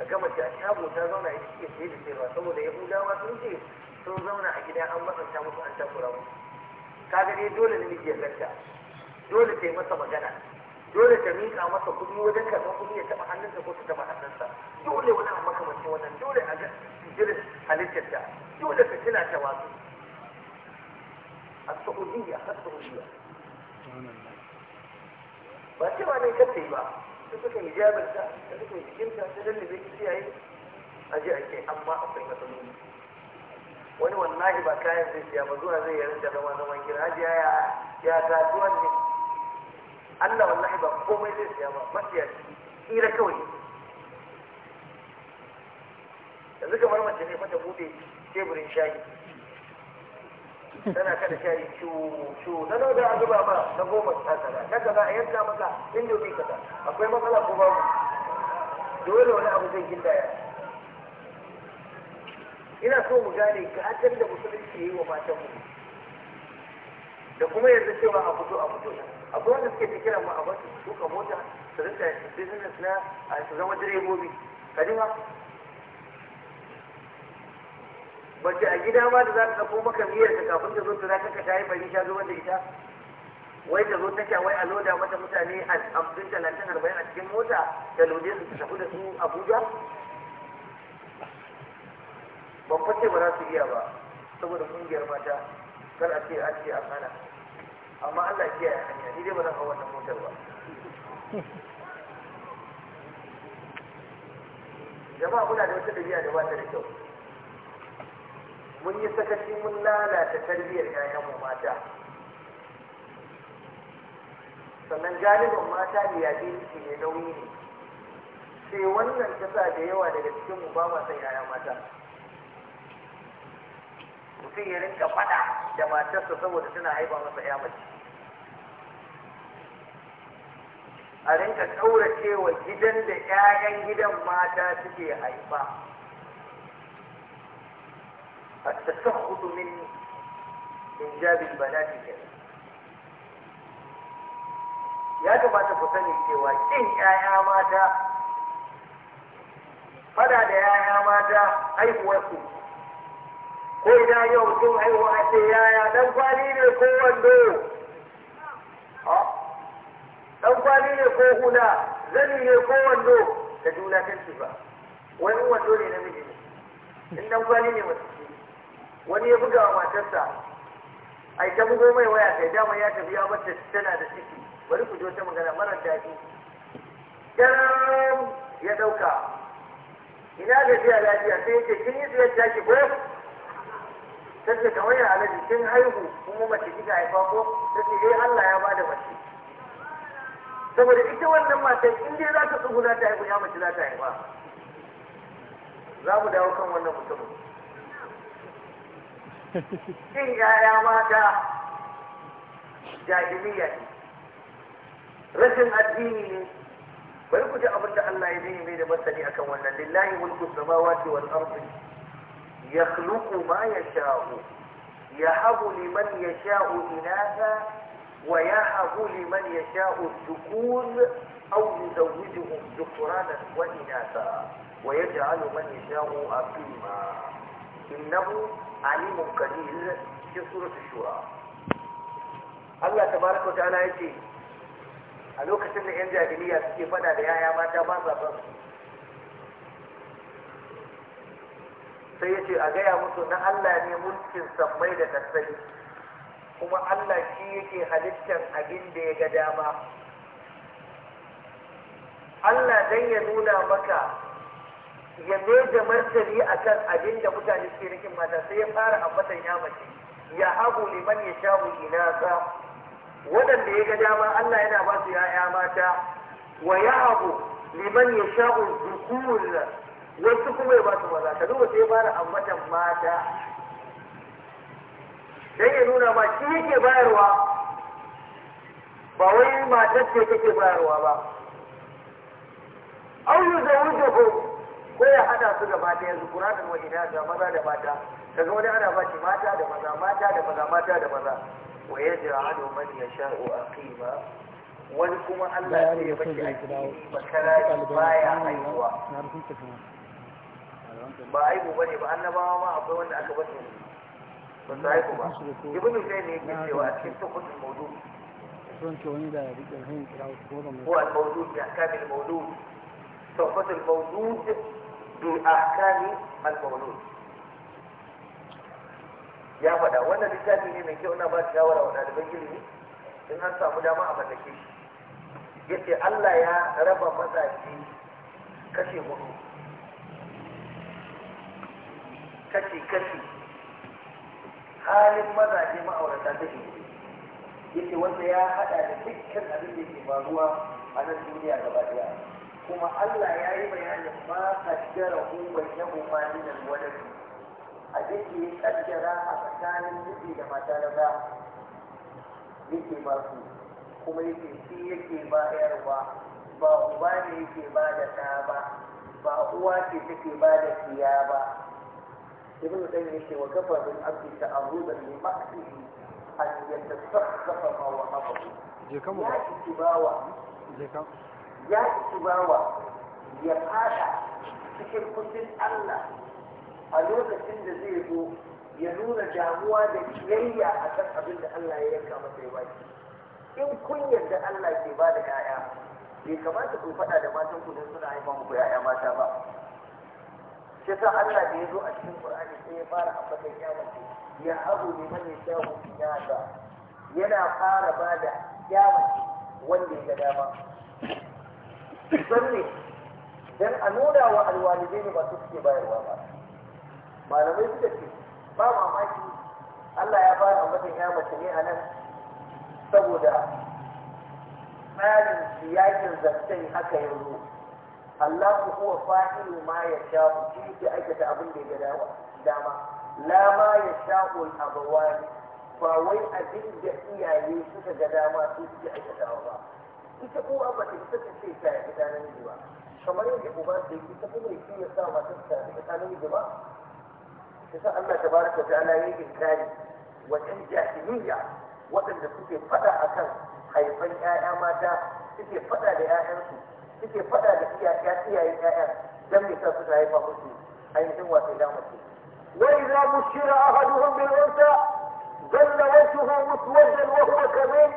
a gama ta shago ta zauna ya ce da ba, saboda Yahudawa sun ce sun zauna a gida an matsanta musu an takura musu kaga dai dole namiji ya zarta dole ta yi masa magana dole ta miƙa masa kuɗi wajen karɓar kuɗi ya taɓa hannunsa ko ta taɓa hannunsa dole wani abu makamancin wannan dole a ga jirin halittarta dole ka tuna ta wasu a sa'udiyya a sa'udiyya ba cewa ne ta yi ba ta suka hijabarta ta suka jikinta ta lallabe ta kiyaye a je ake amma akwai matsaloli wani wallahi ba kayan zai siya ba zuwa zai yarin da zama zaman gina hajiya ya ya kasuwan ne Allah wallahi ba komai zai siya ba masiya tsira kawai yanzu kamar mace ne mata bude teburin shayi tana kada shayi ciwo ciwo na nau da a zuba ma na goma ta tara Ta kaza a yanka maka indomi kaza akwai matsala ko babu dole wani abu zai gindaya ina so mu gane gatar da musulunci yi wa matanmu da kuma yanzu cewa a fito a fito akwai wanda suke ta kiran mu a su tuka mota su rinka business na su zama direbobi kalima bace a gida ma da za ka ɗauko maka miyar ta kafin ta zo ta zaka ka tayi bari sha zuwa da ita wai ta zo sha wai a loda mata mutane a hamsin talatin arba'in a cikin mota ta lode su ta tafi da su abuja ban fashe ba za su iya ba saboda kungiyar mata kar a ce an ce an hana amma Allah yaya, hanya ni dai ba zan hau wannan motar ba jama'a muna da wata dabi'a da ba ta da kyau mun yi sakaci mun lalata tarbiyyar yayan mu mata sannan galibin mata da yaƙi su ne nauyi ne sai wannan ta sa da yawa daga cikin mu ba ma san yaya mata mutum ya rinka faɗa da matarsa saboda suna haifa masa ya mace a rinka ƙaurace wa gidan da 'ya'yan gidan mata suke haifa a hudu min injabin balati ta ya kamata ku sani cewa ƙin 'ya'ya mata fada da 'ya'ya mata haihuwarsu ko idan yau sun haihuwa a ce yaya dan kwali ne ko wando dan kwali ne ko hula zani ne ko wando da juna kan ba wani wando ne na miji ne in dan kwali ne mace wani ya buga wa matarsa ai ta bugo mai waya kai dama ya tafi ya bata tana da ciki bari ku jo ta magana mara daɗi jaram ya ɗauka ina gajiya lafiya sai yake kin yi tsayar taki ko take ta wani alaji kin haihu kuma mace kika haifa ko take dai eh, Allah ya bada mace saboda ita wannan matan in dai za ta tsugu na ta haihu ya mace za ta haifa za mu dawo kan wannan mutumin kin yaya mata jahiliya ne rashin addini ne bari ku ji abin da Allah ya yi mai da masani akan wannan lillahi mulku samawati wal ardi يخلق ما يشاء يهب لمن يشاء إناثا ويهب لمن يشاء الذكور أو يزوجهم ذكرانا وإناثا ويجعل من يشاء أقيما إنه عليم قدير في سورة الشورى الله تبارك وتعالى يجي a lokacin da 'yan في suke fada يا ما تبارك sai ya ce a gaya musu na Allah ne mulkin sammai da kasai kuma Allah shi yake halittar abin da ya ga dama Allah dan ya nuna maka ya da martani akan abin da mutane suke rikin mata sai ya fara ambatan ya mace ya hagu liman ya sha inasa waɗanda ya ga dama Allah yana ba su ya'ya mata wa ya hagu liman ya sha zukurna wasu kuma ya ba su maza ka duba sai fara ambatan mata dan ya nuna ma shi yake bayarwa ba wai matar ce kake bayarwa ba au wuce ko ya hada su gaba ɗaya su wani na ga maza da mata kaga wani ana ba shi mata da maza mata da maza mata da maza wa yaj'alu man kai ba? wani kuma Allah ne ya bashi a cikin makara baya haihuwa ba a bane ba annabawa ma akwai wanda aka basu ba su aibu ba ibn zai ne yake cewa a cikin tukutul mawdu maudu. الموجود بأحكام maudu تحفة الموجود al maudu. ya faɗa wannan littafi ne mai kyau na ba shawara wa ɗaliban ilimi in an samu dama a mallake shi yace Allah ya raba mazaje kashe hudu kashi-kashi halin mazaje ma'aurata ta shi yake wanda ya hada da dukkan abin da ke faruwa a nan duniya gaba daya kuma Allah ya yi bayanin ma kaddara hu bayyahu ma min alwalad abin da ya kaddara a tsakanin jiki da mata na ba yake ba su kuma yake shi yake bayarwa ba uba ne yake ba da ta ba ba uwa ce take ba da siya ba ibn qayyim yake wa kafa bil abdi ta'arruda li maqsihi an yatasakhsafa ma wa habu je kan ya tibawa je ya tibawa ya fada cikin kusin Allah a lokacin da zai zo ya nuna damuwa da kiyayya a kan abin da Allah ya yanka masa ya baki in kun yarda Allah ke ba da 'ya'ya bai kamata ku faɗa da matan ku don suna haifa muku 'ya'ya mata ba shi yasa Allah da ya zo a cikin Qur'ani sai ya fara ambatan kyamace ya habu liman yashahu inasa yana fara bada kyamace wanda ya ga dama sanne dan a nuna wa alwalidai ne ba su suke bayarwa ba malamai suka ce ba mamaki Allah ya fara ambatan kyamace ne a nan saboda tsarin yakin zancen haka ya zo الله هو فاعل ما يشاء فيه أجد أبن جداوة داما لا ما يشاء الأبوان فوين أبن جئي عليه سجداما سيدي أجد أبا إذا هو أبا تبسك الشيء سايا كتانا نجوا كما يجب أبا تبسك إذا هو يكي يسامى تبسك كتانا نجوا إذا الله تبارك وتعالى يجب كاري وإن جاهلية وتبسك فتا أكل حيث أن آيامات تبسك فتا لآيامات suke faɗa da iyaye ƴaƴan dan me sa suka haifa musu ainihin wato ya mace wa idza bushira ahaduhum bil unsa dalla wajhuhu muswaddan wa huwa kadhib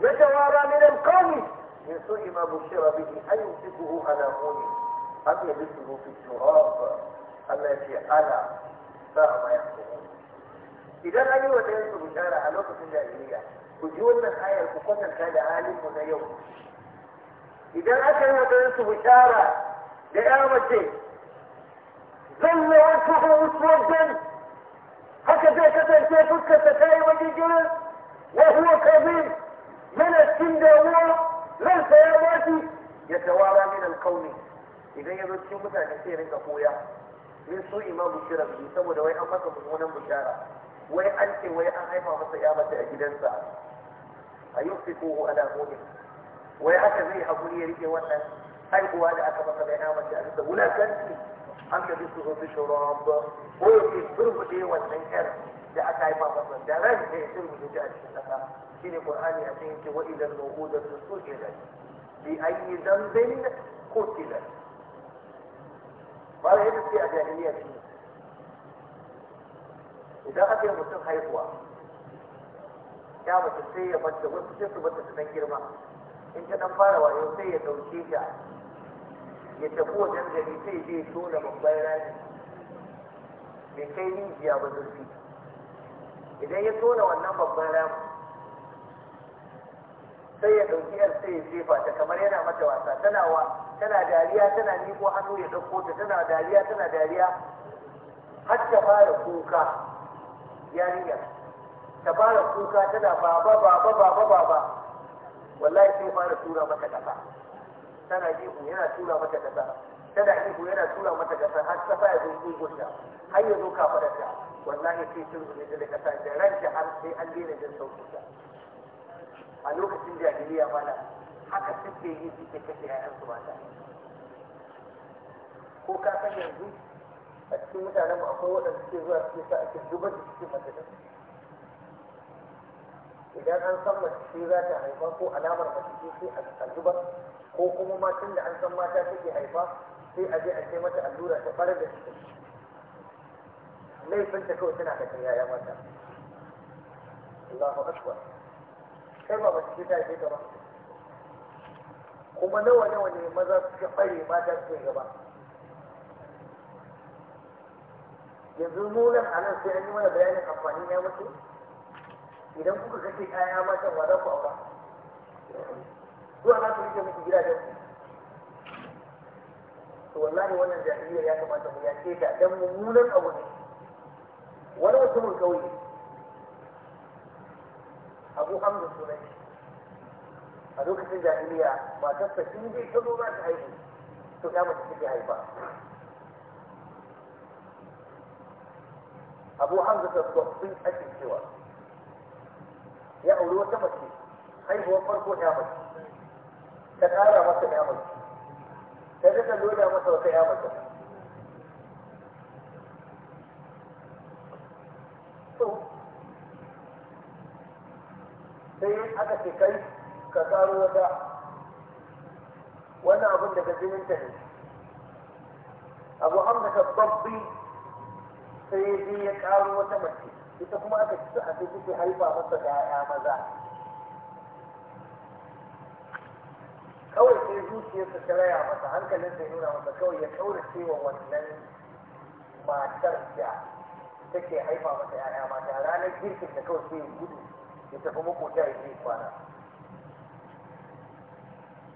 yatawara min al qawmi min su'i ma bushira bihi ayumsikuhu ala huni am yadsuhu fi turab Allah ya ce ala sa'a ma yahkumun idan an yi wa ɗayan su bishara a lokacin jahiliya ku ji wannan ayar ku kwatanta da halin mu na yau idan aka yi wajen su bishara da ya mace zan yi wasu wajen haka zai kasance fuskarsa ta yi wani jirin wa huwa kabir yana cikin damuwa zan saya bashi ya tawara min alkauni idan ya zo cikin mutane sai rinka koya min su imamu shirabi saboda wai an masa mummunan bishara wai an ce wai an haifa masa ya mace a gidansa a yusifuhu ala mu'min ويأكد لي حقولي ريكي وانا هاي هو هذا أكبر بينا ومجاء لسه ولا كنتي أنت في صغير في شراب ويكي برمو دي والمنكر لأتا عبا بطن دارك هي برمو دي جاءت شنكا في القرآن يأتينك وإذا الموهودة سجلت بأي ذنب قتلت قال هذا في أجاهلية إذا أتي المسلم حيطوى يا مسلسية مجد وقت سيطوى بطن سنكير معه in ta dan fara wayo sai ya dauke ta ya tafi wajen gari sai zai tona babban rami bai kai rijiya ba zurfi idan ya tona wannan babban rami sai ya ɗauki yar sai ya jefa ta kamar yana mata wasa tana wa tana dariya tana niko hannu ya ɗauko ta tana dariya tana dariya har ta fara kuka yarinya ta fara kuka tana baba baba baba baba wallahi sai fara tura mata kasa tana ihu yana tura mata kasa tana ihu yana tura mata kasa har kasa ya zo kugunta har ya zo ta wallahi sai sun zo da kasa da ranta har sai an daina jin sauƙinta a lokacin jahiliya mana haka suke yi suke kashe 'ya'yansu mata ko ka san yanzu a cikin mutanen mu akwai waɗanda suke zuwa suke sa ake zubar da cikin mace idan an san mace shi za ta haifa ko alamar mace shi sai a zubar ko kuma matan da an san mata suke haifa sai a je a kai mata allura ta farar da shi laifin ta kawai tana kashe yaya mata Allahu akbar kai ba mace ce ta haife ta ba kuma nawa nawa ne maza suke bare mata suke gaba yanzu mu nan a nan sai an yi mana bayanin amfani na mutu idan kuka kashe kaya ma can za ku aura zuwa na su rike muku gidajen to wallahi wannan jahiliyar ya kamata mu yace ta dan mummunan abu ne wani mutumin kawai. abu hamdu sunai a lokacin jahiliya matarsa sun je ta zo za ta haihu to ta mace take haifa abu hamdu ta sun ake cewa ya auri wata mace haihuwar farko ya mace ta ƙara masa ya mace ta rika loda masa wata ya mace sai aka ce kai ka tsaro wata wannan abin daga jininta ne abu hamda ka babbi sai ya je ya ƙaro wata mace ita kuma aka ci a sai take haifa masa da ya maza kawai sai zuciyarsa ta raya masa hankalinsa ya nuna masa kawai ya kaurace wa wannan matar da take haifa masa ya'ya mata ranar girkin da kawai sai gudu ya tafi makota ya je kwana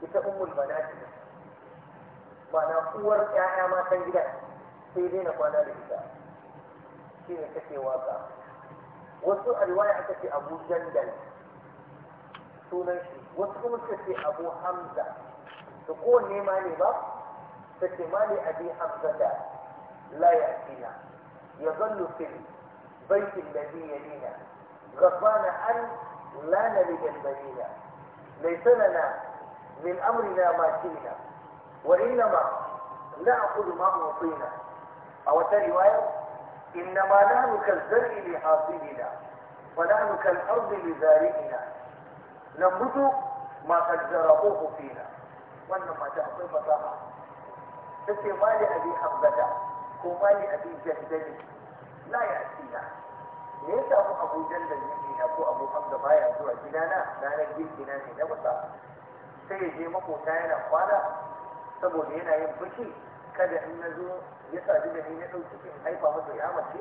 ita ummul banati ma'ana uwar ya'ya matan gida sai dai na kwana da ita shi ne take waka وسوء رواية في أبو جندل وسوء في أبو حمزة تقول لي مالي بق تتي مالي أبي حمزة لا يأتينا يظل في البيت الذي يلينا غضبان أن لا نلد المدينة ليس لنا من أمرنا ما فينا وإنما نأخذ ما أعطينا أو رواية إنما نحن كالزرع لحاصلنا ونحن كالأرض لزارعنا ننبت ما قد زرعوه فينا وإنما تأخذ مطاعة تسي ما لأبي أنبتا وما لأبي جهدني لا يأتينا me ya samu abu jandar yake na ko abu hamza baya zuwa gidana Na girki na ne na wasa sai ya je makota yana kwana saboda yana yin fushi kada in na zo ya sadu da ni na ɗauki cikin haifa masa ya mace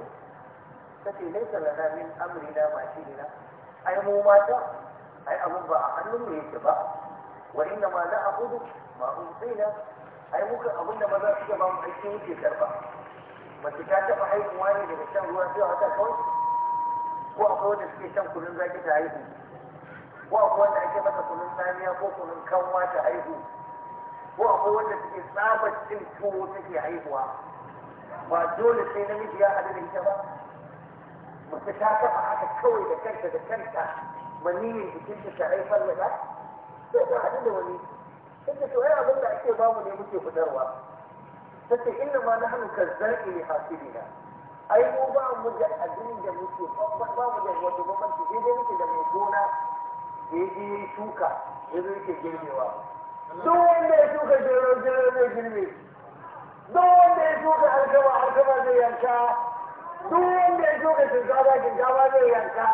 ta ce laisa lana min amrina na? ai mu mata ai abun ba a hannun mu yake ba wa inna ma na abudu ma umsina ai muka abun da maza suka ba mu aiki yake karba mace ta taɓa haihuwa ne daga shan ruwa sai wata kawai ko akwai wanda suke shan kunun zaki ta haihu ko akwai wanda ake masa kunun saniya ko kunun kanwa ta haihu ko akwai wanda suke tsabar cin tuwo suke haihuwa ba dole sai namiji ya haɗu da ita ba mace ta kafa haka kawai da kanta da kanta maniyin jikin ta haifar da ba sai ta haɗu da wani sai to yana abin da ake bamu ne muke fitarwa sai inna ma na nahnu kazzaki ne hasidina ai mu ba mu da abin da muke ba mu da wato bambanci sai dai muke da mai gona da ya je shuka ya zo yake girbewa duk wanda ya shuka jero jero zai girbe duk wanda ya shuka alkama alkama zai yanka duk wanda ya shuka shinkafa shinkafa zai yanka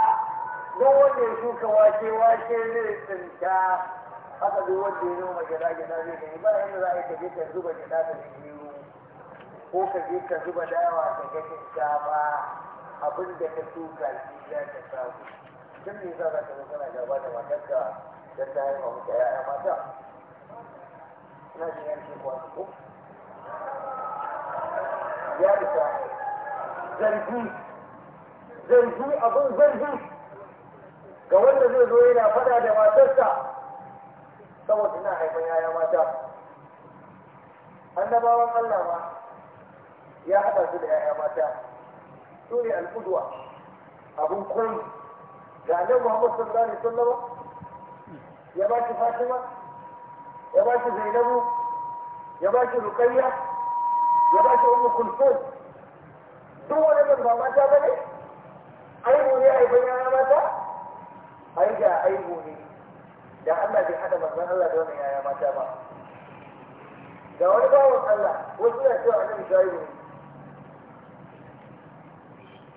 duk wanda ya shuka wake wake zai tsinka haka duk wanda ya noma gida gida zai gani ba yanzu za a yi ka je ka zuba gida da jero ko ka je ka zuba dawa ka ga shinkafa abin da ka shuka shi za ka samu tun ne za ka zama kana gaba da matarka don ta haifa muka ya'ya mata na jin yanki kwasu ko ya isa zargi zargi abin zargi ga wanda zai zo yana fada da matarsa saboda na haifan yaya mata annabawan Allah ma ya haɗa su da yaya mata su ne al'udwa abin koyi ga annabi Muhammad sallallahu alaihi wasallam ya ba ki Fatima ya ba shi zainabu ya ba shi rukayya ya ba shi wani kulfur duk wani ban ba mata ba ne aibu ne aibin yana mata ai da aibu ne da Allah bai hada manzon Allah da wannan yaya mata ba da wani bawan Allah wasu na cewa annabi shayu ne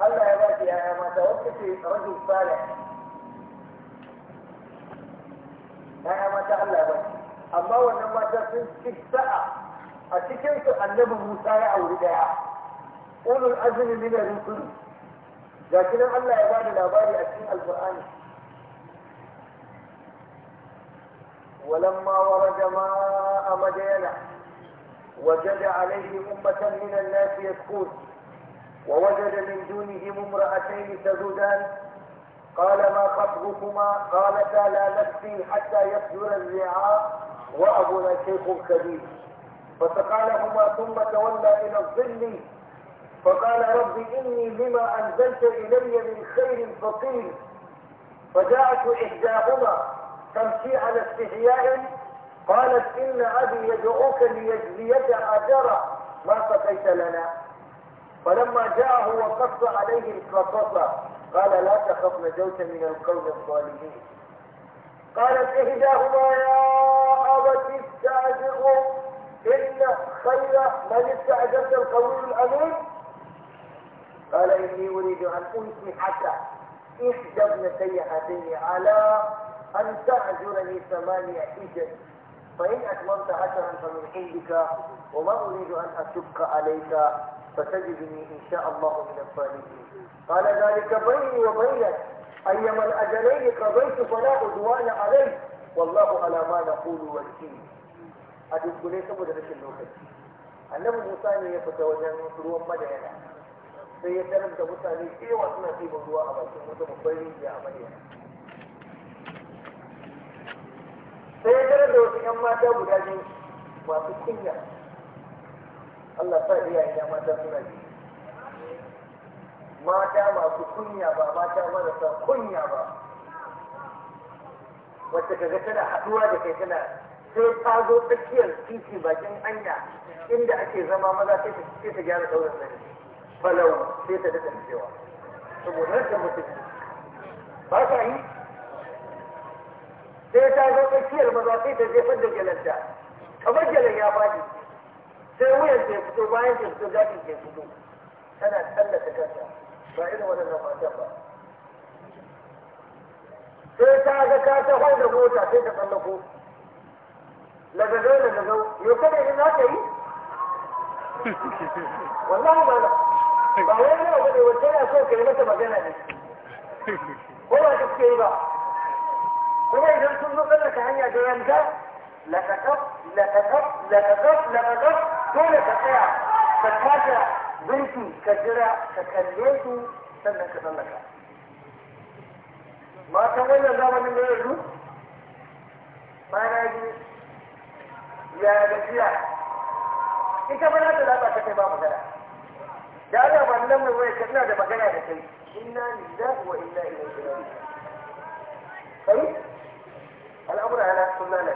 Allah ya ba shi yaya mata wanda ce rajul salih yaya mata Allah ya ba shi amma wannan mata sun ci sa'a a cikin su annabi Musa ya auri daya ulul azmi min ar-rusul ga kinan Allah ya bada labari a cikin alqur'ani ولما ورد ماء مدينة وجد عليه أمة من الناس يسكون ووجد من دونهم امرأتين تزودان قال ما خطبكما قالتا لا نكفي حتى يفجر الرعاء وأبونا شيخ كبير فسقالهما ثم تولى إلى الظل فقال رب إني لما أنزلت إلي من خير فقير فجاءت إحداهما تمشي على استحياء قالت إن أبي يدعوك ليجزيك أجر ما سقيت لنا فلما جاءه وقص عليه القصص قال لا تخف نجوت من القوم الظالمين قالت إحداهما يا الصحابة استعجرهم إن خير من استعجلت القوي الأمين قال إني أريد أن أنصحك إحدى ابنتي هاتين على أن تعجرني ثمانية حجج فإن أتممت عشرا فمن عندك وما أريد أن أشك عليك فتجدني إن شاء الله من الصالحين قال ذلك بيني وبينك أيما الأجلين قضيت فلا عدوان عليه wallahu ala ma naqulu wakil a dukkule saboda rashin lokaci annabi Musa ne ya fita wajen ruwan madayana sai ya tarar da mutane cewa suna ɗiban ruwa a bakin wata babbar rijiya a madayana sai ya karanta wasu 'yan mata guda biyu masu kunya Allah sa iyaye ya mata suna ji mata masu kunya ba mata marasa kunya ba wacce kaga tana haduwa da kai tana sai ta zo tsakiyar titi bakin hanya inda ake zama maza sai ta sai ta gyara sauran nan falau sai ta daɗa cewa saboda rashin mutunci ba sa yi sai ta zo tsakiyar maza sai ta jefar da gelanta kamar gelan ya faɗi sai wuyan ta fito bayan ta fito gashin ta fito tana tallata kanta ba irin waɗannan matan ba sai ka ga ka ta hau da mota sai ta tsallako lagazau lagazau yau kada yi za ka yi wallah ba ba wai ne ba ne wata ya so ka yi mata magana ne ko ba ta suke yi ba kuma idan sun zo tsallaka hanya da yanka lakakaf lakakaf lakakaf lakakaf dole ka tsaya ka kasa, birki ka jira ka kalle su sannan ka tsallaka matan wannan zamanin da yanzu mana ji ya gajiya ita ba za ta zaɓa ta kai ba magana da ana ba nan mai waya tana da magana da kai inna lillahi wa inna ilaihi raji'un kai al'amura yana sunna ne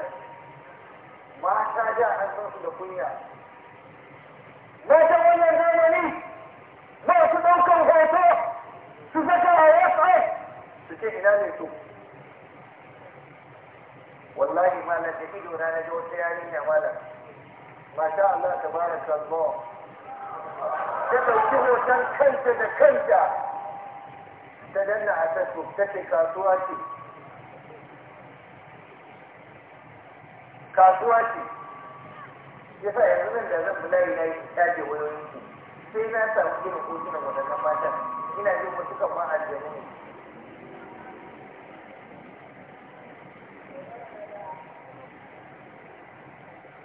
ta da an san su da kunya na ta wannan zamani ba su ɗaukar hoto su saka waye? su ce ina ne to wallahi malam da ido na naji wata yarinya malam masha Allah tabaraka Allah ta dauki hoton kanta da kanta ta danna a tasu ta ce kasuwa ce kasuwa ce sa yanzu nan da zan bulayi na yi taje wayoyin sai na samu ko hotunan wadannan matan ina jin wasu kan ma ne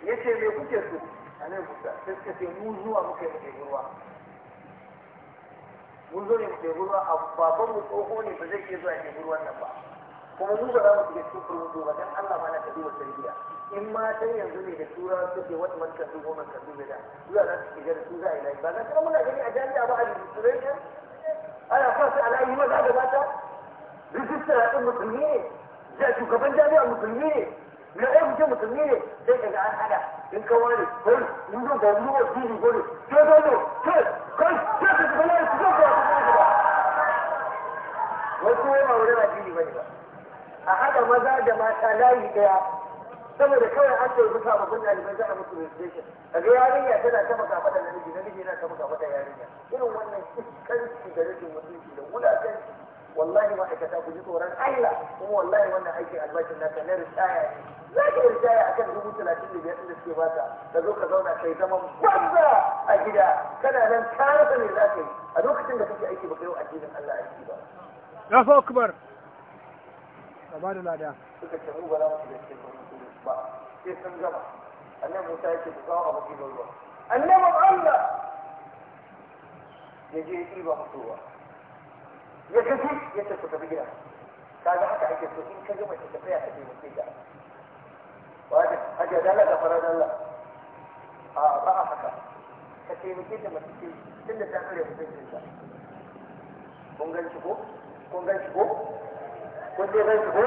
ya ce me kuke so a nan musa sai suka ce mu zuwa muka yi muke ruwa mun zo ne muke ruwa a baban mu tsoho ne ba zai ke zuwa ke ruwan nan ba kuma mu ba za mu shiga cikin kurmutu ba dan Allah ma na ka duba tarbiyya in ma dai yanzu ne da tura ke wata mata su goma ka duba da zuwa za su shiga da su za a yi layi ba ga muna gani a jami'a ba a registration ana fa su a ma za a gabata rijistar ɗin musulmi ne shugaban jami'a musulmi ne na ɗaya mutum musulmi ne sai ka ga an hada in ka ware kai in zo ga ruwa dini gole ke zo kai kai ke ka ga wani kusa ka wata ba wasu yana wuri ba dini bane ba a haɗa maza da mata layi ɗaya. saboda kawai an ce kusa ba kun dalibai za a mutu registration a ga yarinya tana ta maka miji, na miji yana ta maka faɗa yarinya irin wannan iskanci da rashin mutunci da wulakanci والله ما اجت ابو جورا الا هو والله وانا ايش البيت لا تنير الساعه لكن الساعه كان هو 30 اللي بيحصل في بابا فذو كذونا شيء تمام وذا اجدا كان لم كانت من الاكل ادوك انت في اي شيء بقيو اكيد ان الله اكيد لا فوق اكبر طبعا لا ده تكتبوا بلا ما تكتبوا في الصباح كيف تنجم انا متاكد بصوره بكيل الله انما الله يجي ايوه مطوره ya gaji ya ce ku tafi gida ka haka ake so in ka gama ki tafiya ka taimake ka wani hajji da Allah da fara da Allah a ba a haka ka taimake ta mace ce tunda ta kare mutuncin ta kun gan shi ko kun gan shi ko kun je gan shi ko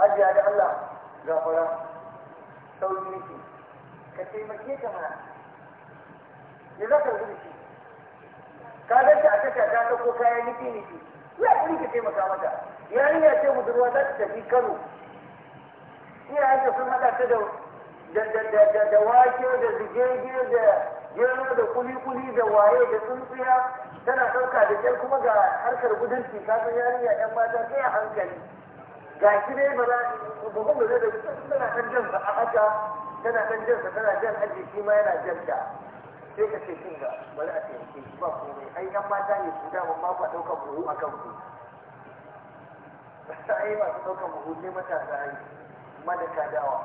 hajji da Allah gafara sauki nake ka taimake ta mana me za ka rubu shi ka ga ta a tasha ta ko kayan niki niki ya kuri ka taimaka mata yarinya ce budurwa za ta tafi kano iyayen ya sun haɗa ta da da wake da zigege da gero da kuli-kuli da waye da tsuntsiya tana ɗauka da kyar kuma ga harkar gudunci ta san yarinya ɗan mata sai a hankali ga shi dai ba za ba zai da tana ɗan jansa a haka tana kan jansa tana jan aji shi ma yana jan ta sai ka ce kin ga bari a taimake shi ba komai ai yan mata ne su dama ba ku ɗaukar buhu a kan ku ai masu ɗaukar buhu sai matasa ai madaka dawa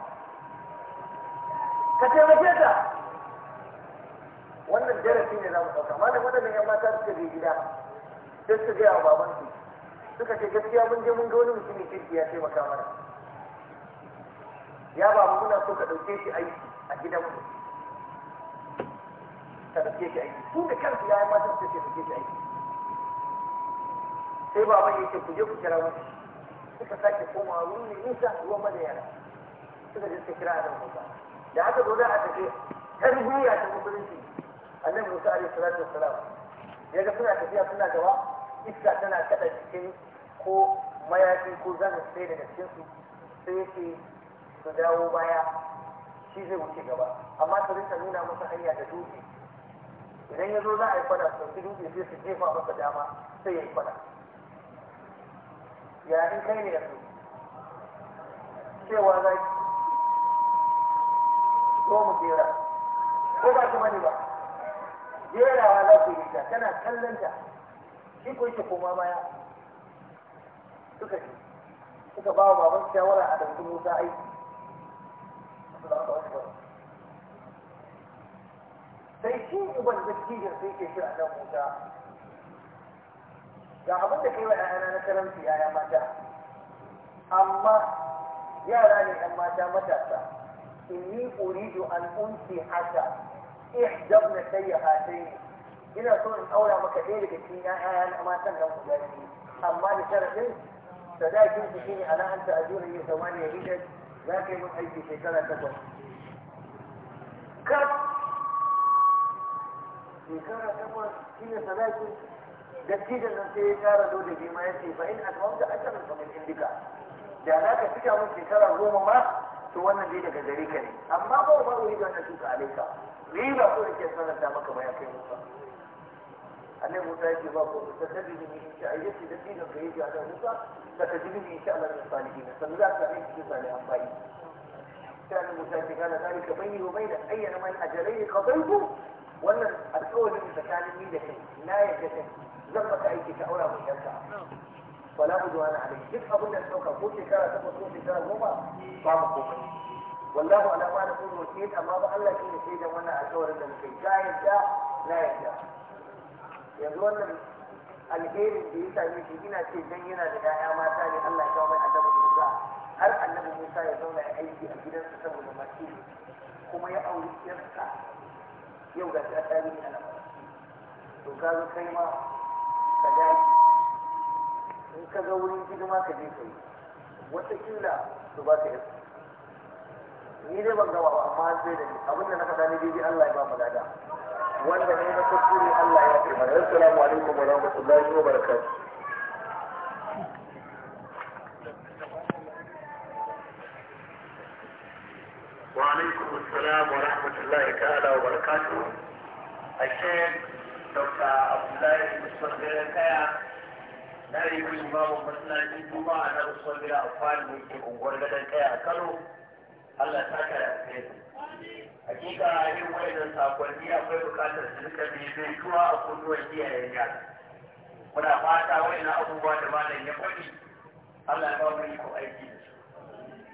ka taimake ta wannan darasi ne za mu ɗauka malam waɗannan yan mata suka je gida sai suka gaya wa babansu suka ce gaskiya mun je mun ga wani mutumin kirki ya taimaka mana ya babu muna so ka ɗauke shi aiki a gidanmu ta dauke shi aiki su da kansu ya yi matan su ce dauke shi aiki sai baban ya ce ku je ku kira wani suka sake komawa wuri ne nisa ruwa madayana suka je suka kira adam musa da haka zo za a tafi tarbiyya ta musulunci annabi musa alaihi salatu wassalam ya ga suna tafiya suna gaba iska tana kada cikin ko mayafi ko zanin sai daga cikin su, sai yake su dawo baya shi zai wuce gaba amma su ta nuna masa hanya da dutse idan ya zo za a yi fada su ɗauki sai su jefa masa dama sai ya yi fada ya kai ne yanzu cewa za ki zo mu jera ko ba ki bane ba jerawa za ku yi ta tana kallon ta shi ko shi koma baya suka ce suka ba wa baban shawara a ɗauki musa aiki. ba. sai shi uban dattijan sai ke shi a nan wuta ga abin da kai wa ‘ya'yana na karanci ‘ya'ya mata amma yara ne ‘yan mata matasa inni uridu an unsi haka ihdab na sayya hatai ina so in aura maka ɗaya daga cikin ‘ya'ya na matan nan guda biyu amma da sharaɗin sadakin su shine ala an ta'ajura yi zamani ya rijar za ka yi mun aiki shekara takwas shekara takwas shine salati dattijan nan sai ya kara zo da bima ya ce fa in atmamta ajaran fa min indika da na ka cika mun shekara goma ma to wannan dai daga gare ka ne amma ba ba wuri da na tuka alaika riba ko da ke sanarta maka ba ya kai musa annabi musa ya ce ba ko ta tabi ni in sha Allah yace dattijan ka yace a musa ta tabi ni in sha Allah min salihin sannan za ka ne cikin salihan bayi كان موسى قال ذلك بيني وبينك أي من أجلين قضيته ولا الأول من المكان ميدة لا يجد زمة أي كتاء ولا مشكلة فلا بد أن عليه جد أبدا سوكا فوت كارا ثم فوت كارا وما طابقه والله على ما نقول وكيد أما بألا كين سيدا وانا أشور أن الشيء جاء يجاء لا يجاء يقول أن الهير بيسا يشيكنا سيدينا لها يا ما تالي الله يتوامي أدب الرزاء هل أن الموسى يتوامي أي في أجلال تسمى المسيح كما يأولي يرسى yau ga ta tsari a nan to ka zo kai ma ka dace. in ka ga wurin hidima ka je ka yi wataƙila su ba ka yasu ni dai ban gaba ba amma sai da ni da na faɗa ni daidai Allah ya ba mu dada wanda ne na kuskure Allah ya ce mana assalamu alaikum wa rahmatullahi wa barakatuh وعليكم السلام ورحمة الله تعالى وبركاته الشيخ دكتور عبد الله المستقبل الكايا ناري كل إمام مسلم الجمعة أنا أصلي أطفال ممكن أقول لك الكايا كانوا Allah ta ka yafe hakika yin wayannan sakonni akwai bukatar su duka bebe tuwa a kunnuwan iyayen yara muna fata wayannan abubuwa da malam ya faɗi Allah ya ba mu iko aiki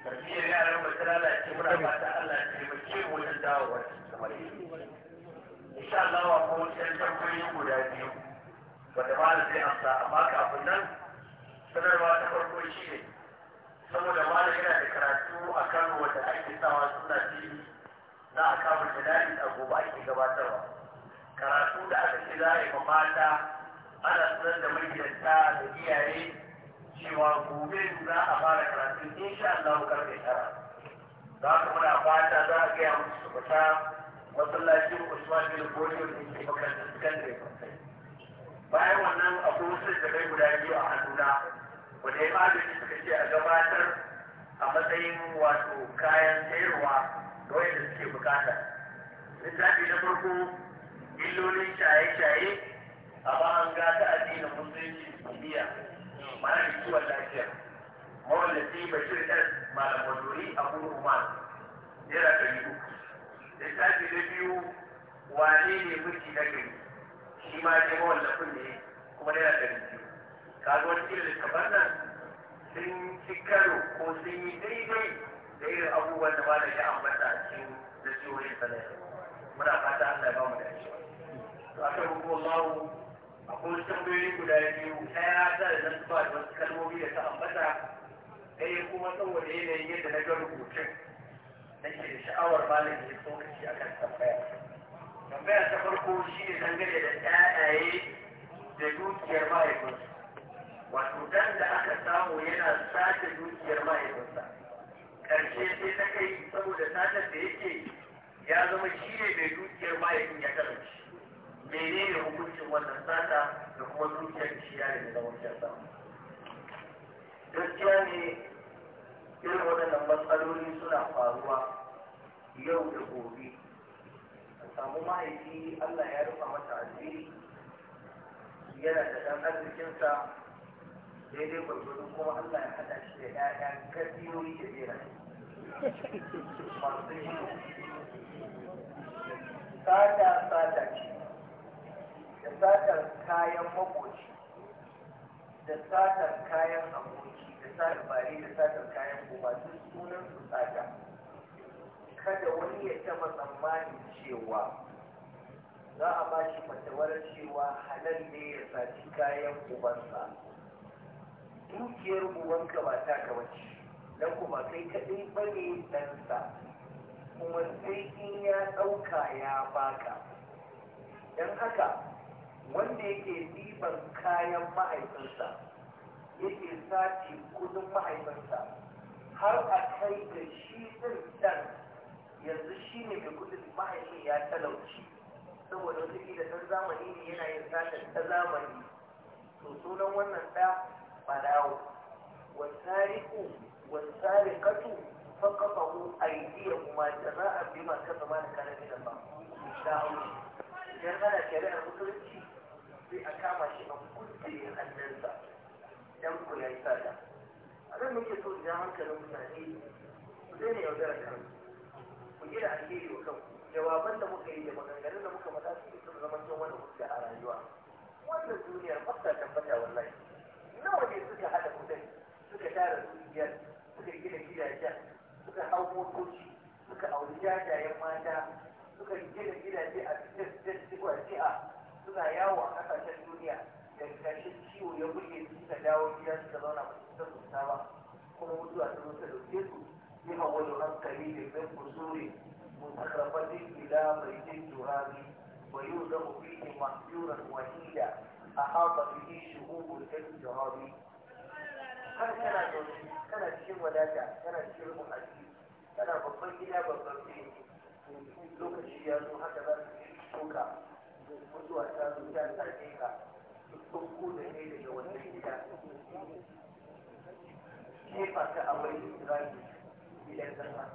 tarbiyyar yaran ba ta lalace muna fata Allah ya taimake mu wajen dawowar kamar insha Allah wa kuma wajen tambayoyi guda biyu wanda ba zai amsa amma kafin nan sanarwa ta farko shi ne saboda malam yana da karatu a kan wanda ake sawa suna fili na a kafin jana'i a gobe ake gabatarwa karatu da aka ce za a yi mata ana sanar da magidanta da iyaye cewa gobe za a fara karatu sha Allah karfe tara za ka muna fata za ka gaya musu su fita masallacin Usman bin Godiyo da ke makarantar sakandare bayan wannan akwai wasu da bai guda biyu a hannuna wanda ya magani suka ce a gabatar a matsayin wato kayan sayarwa ga wanda suke bukata littafi na farko illolin shaye-shaye a an gata addinin musulunci duniya ma'ana kiwon lafiya yi bashir ɗan malamadori a kuma umar naira ɗari uku da littafi na biyu wane ne miji na gari shi ma ya ne mawallafin ne kuma naira ɗari biyu kaga wani irin littafan nan sun ci karo ko sun yi daidai da irin abubuwan da ba da ya ambata a cikin nasihohin sanarwa muna fata Allah ya ba mu da shi. Akwai hukumar akwai wasu tambayoyi guda biyu ɗaya ta da nan ba da wasu kalmomi da ta ambata ɗaya kuma saboda yanayin yadda na ga rubutun ke da sha'awar malam ya a kan tambaya tambaya ta farko shi ne dangane da ɗayaye da dukiyar mahaifinsu wato dan da aka samu yana sace dukiyar mahaifinsa ƙarshe sai ta kai saboda satar da yake ya zama shi ne mai dukiyar mahaifin ya kasance mene ne hukuncin wannan sata da kuma dukiyar ciya da zama kyauta gaskiya ne irin waɗannan matsaloli suna faruwa yau da gobe a samu mahaifi allah ya rufa masa asiri yana da ɗan arzikinsa daidai gwargwado kuma allah ya haɗa shi da ƴaƴan kasiyoyi da beraye masu yi sata sata ce da satar kayan makoci da satar kayan aboki da satar bare da satar kayan goma duk sunan su tsada kada wani ya taba tsammanin cewa za a ba shi matawarar cewa halal ne ya saci kayan ubansa dukiyar ubanka ba ta ka don kuma kai kaɗai ba ne ɗansa kuma sai in ya ɗauka ya baka don haka wanda yake ɗiban kayan mahaifinsa yake sace kudin mahaifinsa har a kai da shi ɗin ɗan yanzu shi ne mai kudin mahaifin ya talauci saboda wasu da ɗan zamani ne yana yin sata ta zamani to sunan wannan ɗa ɓarawo wasariku wasariƙatu aidiya kuma jaza'an bima kasaba da kana min Allah insha Allah idan ana shari'ar musulunci sai a kama shi a kulle hannunsa dan ku ya yi sada a nan muke so ja hankalin mutane ku daina yaudara kanku ku gina alheri wa kanku jawaban da muka yi da maganganun da muka faɗa su sun zama cewa wani hujja a rayuwa wannan duniyar ba ta tabbata wallahi nawa ne suka haɗa kuɗin suka tara dukiyar suka gina gidajen suka hau motoci suka auri jajayen mata suka gina gidaje a cikin cikin a suna yawo a kasashen duniya da kashin ciwo ya buge su suka dawo gida ta zauna ba su san kusa ba kuma mutuwa ta dauke su yi hawalu hankali da bin kusuri mutakarfatin ila mai jin turami wa zama da mafi mahjuran wahida a haɓa fiye shuhubun ɗin jawabi kan kana zaune kana cikin wadata kana cikin rukun asiri kana babban gida babban fiye lokaci ya zo haka za su yi shuka mutuwa ta zo ta sarfe ka duk sun da ne daga wannan gida jefa ta a wani israeli gidan kasa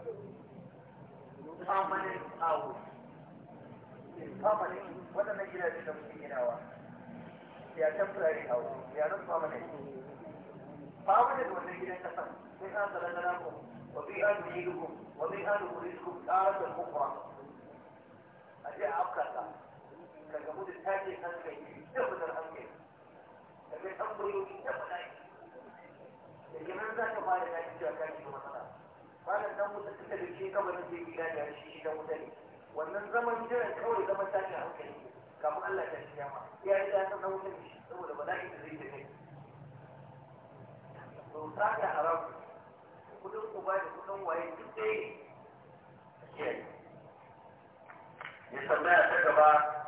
permanent hours permanent waɗannan gida da muke ginawa ya temporary hours ya nan permanent permanent wannan gidan kasa sai an zalazala ku wa an yi ku wa an yi ku ƙarar da kuma a je a afkata tashin hankali da fitar hankali da kai tambayoyi da fadayi da kenan za ka fara tashi cewa ka shiga matsala malam dan wuta tun da ke kabarin zai gida da shi shi dan wuta ne wannan zaman jiran kawai zaman tashin hankali kamar Allah ta shi yama ya yi ta san wuta ne saboda bala'i da zai tafi to ta da haram kudin uba da kudin waye duk ɗaya ya tambaya ta gaba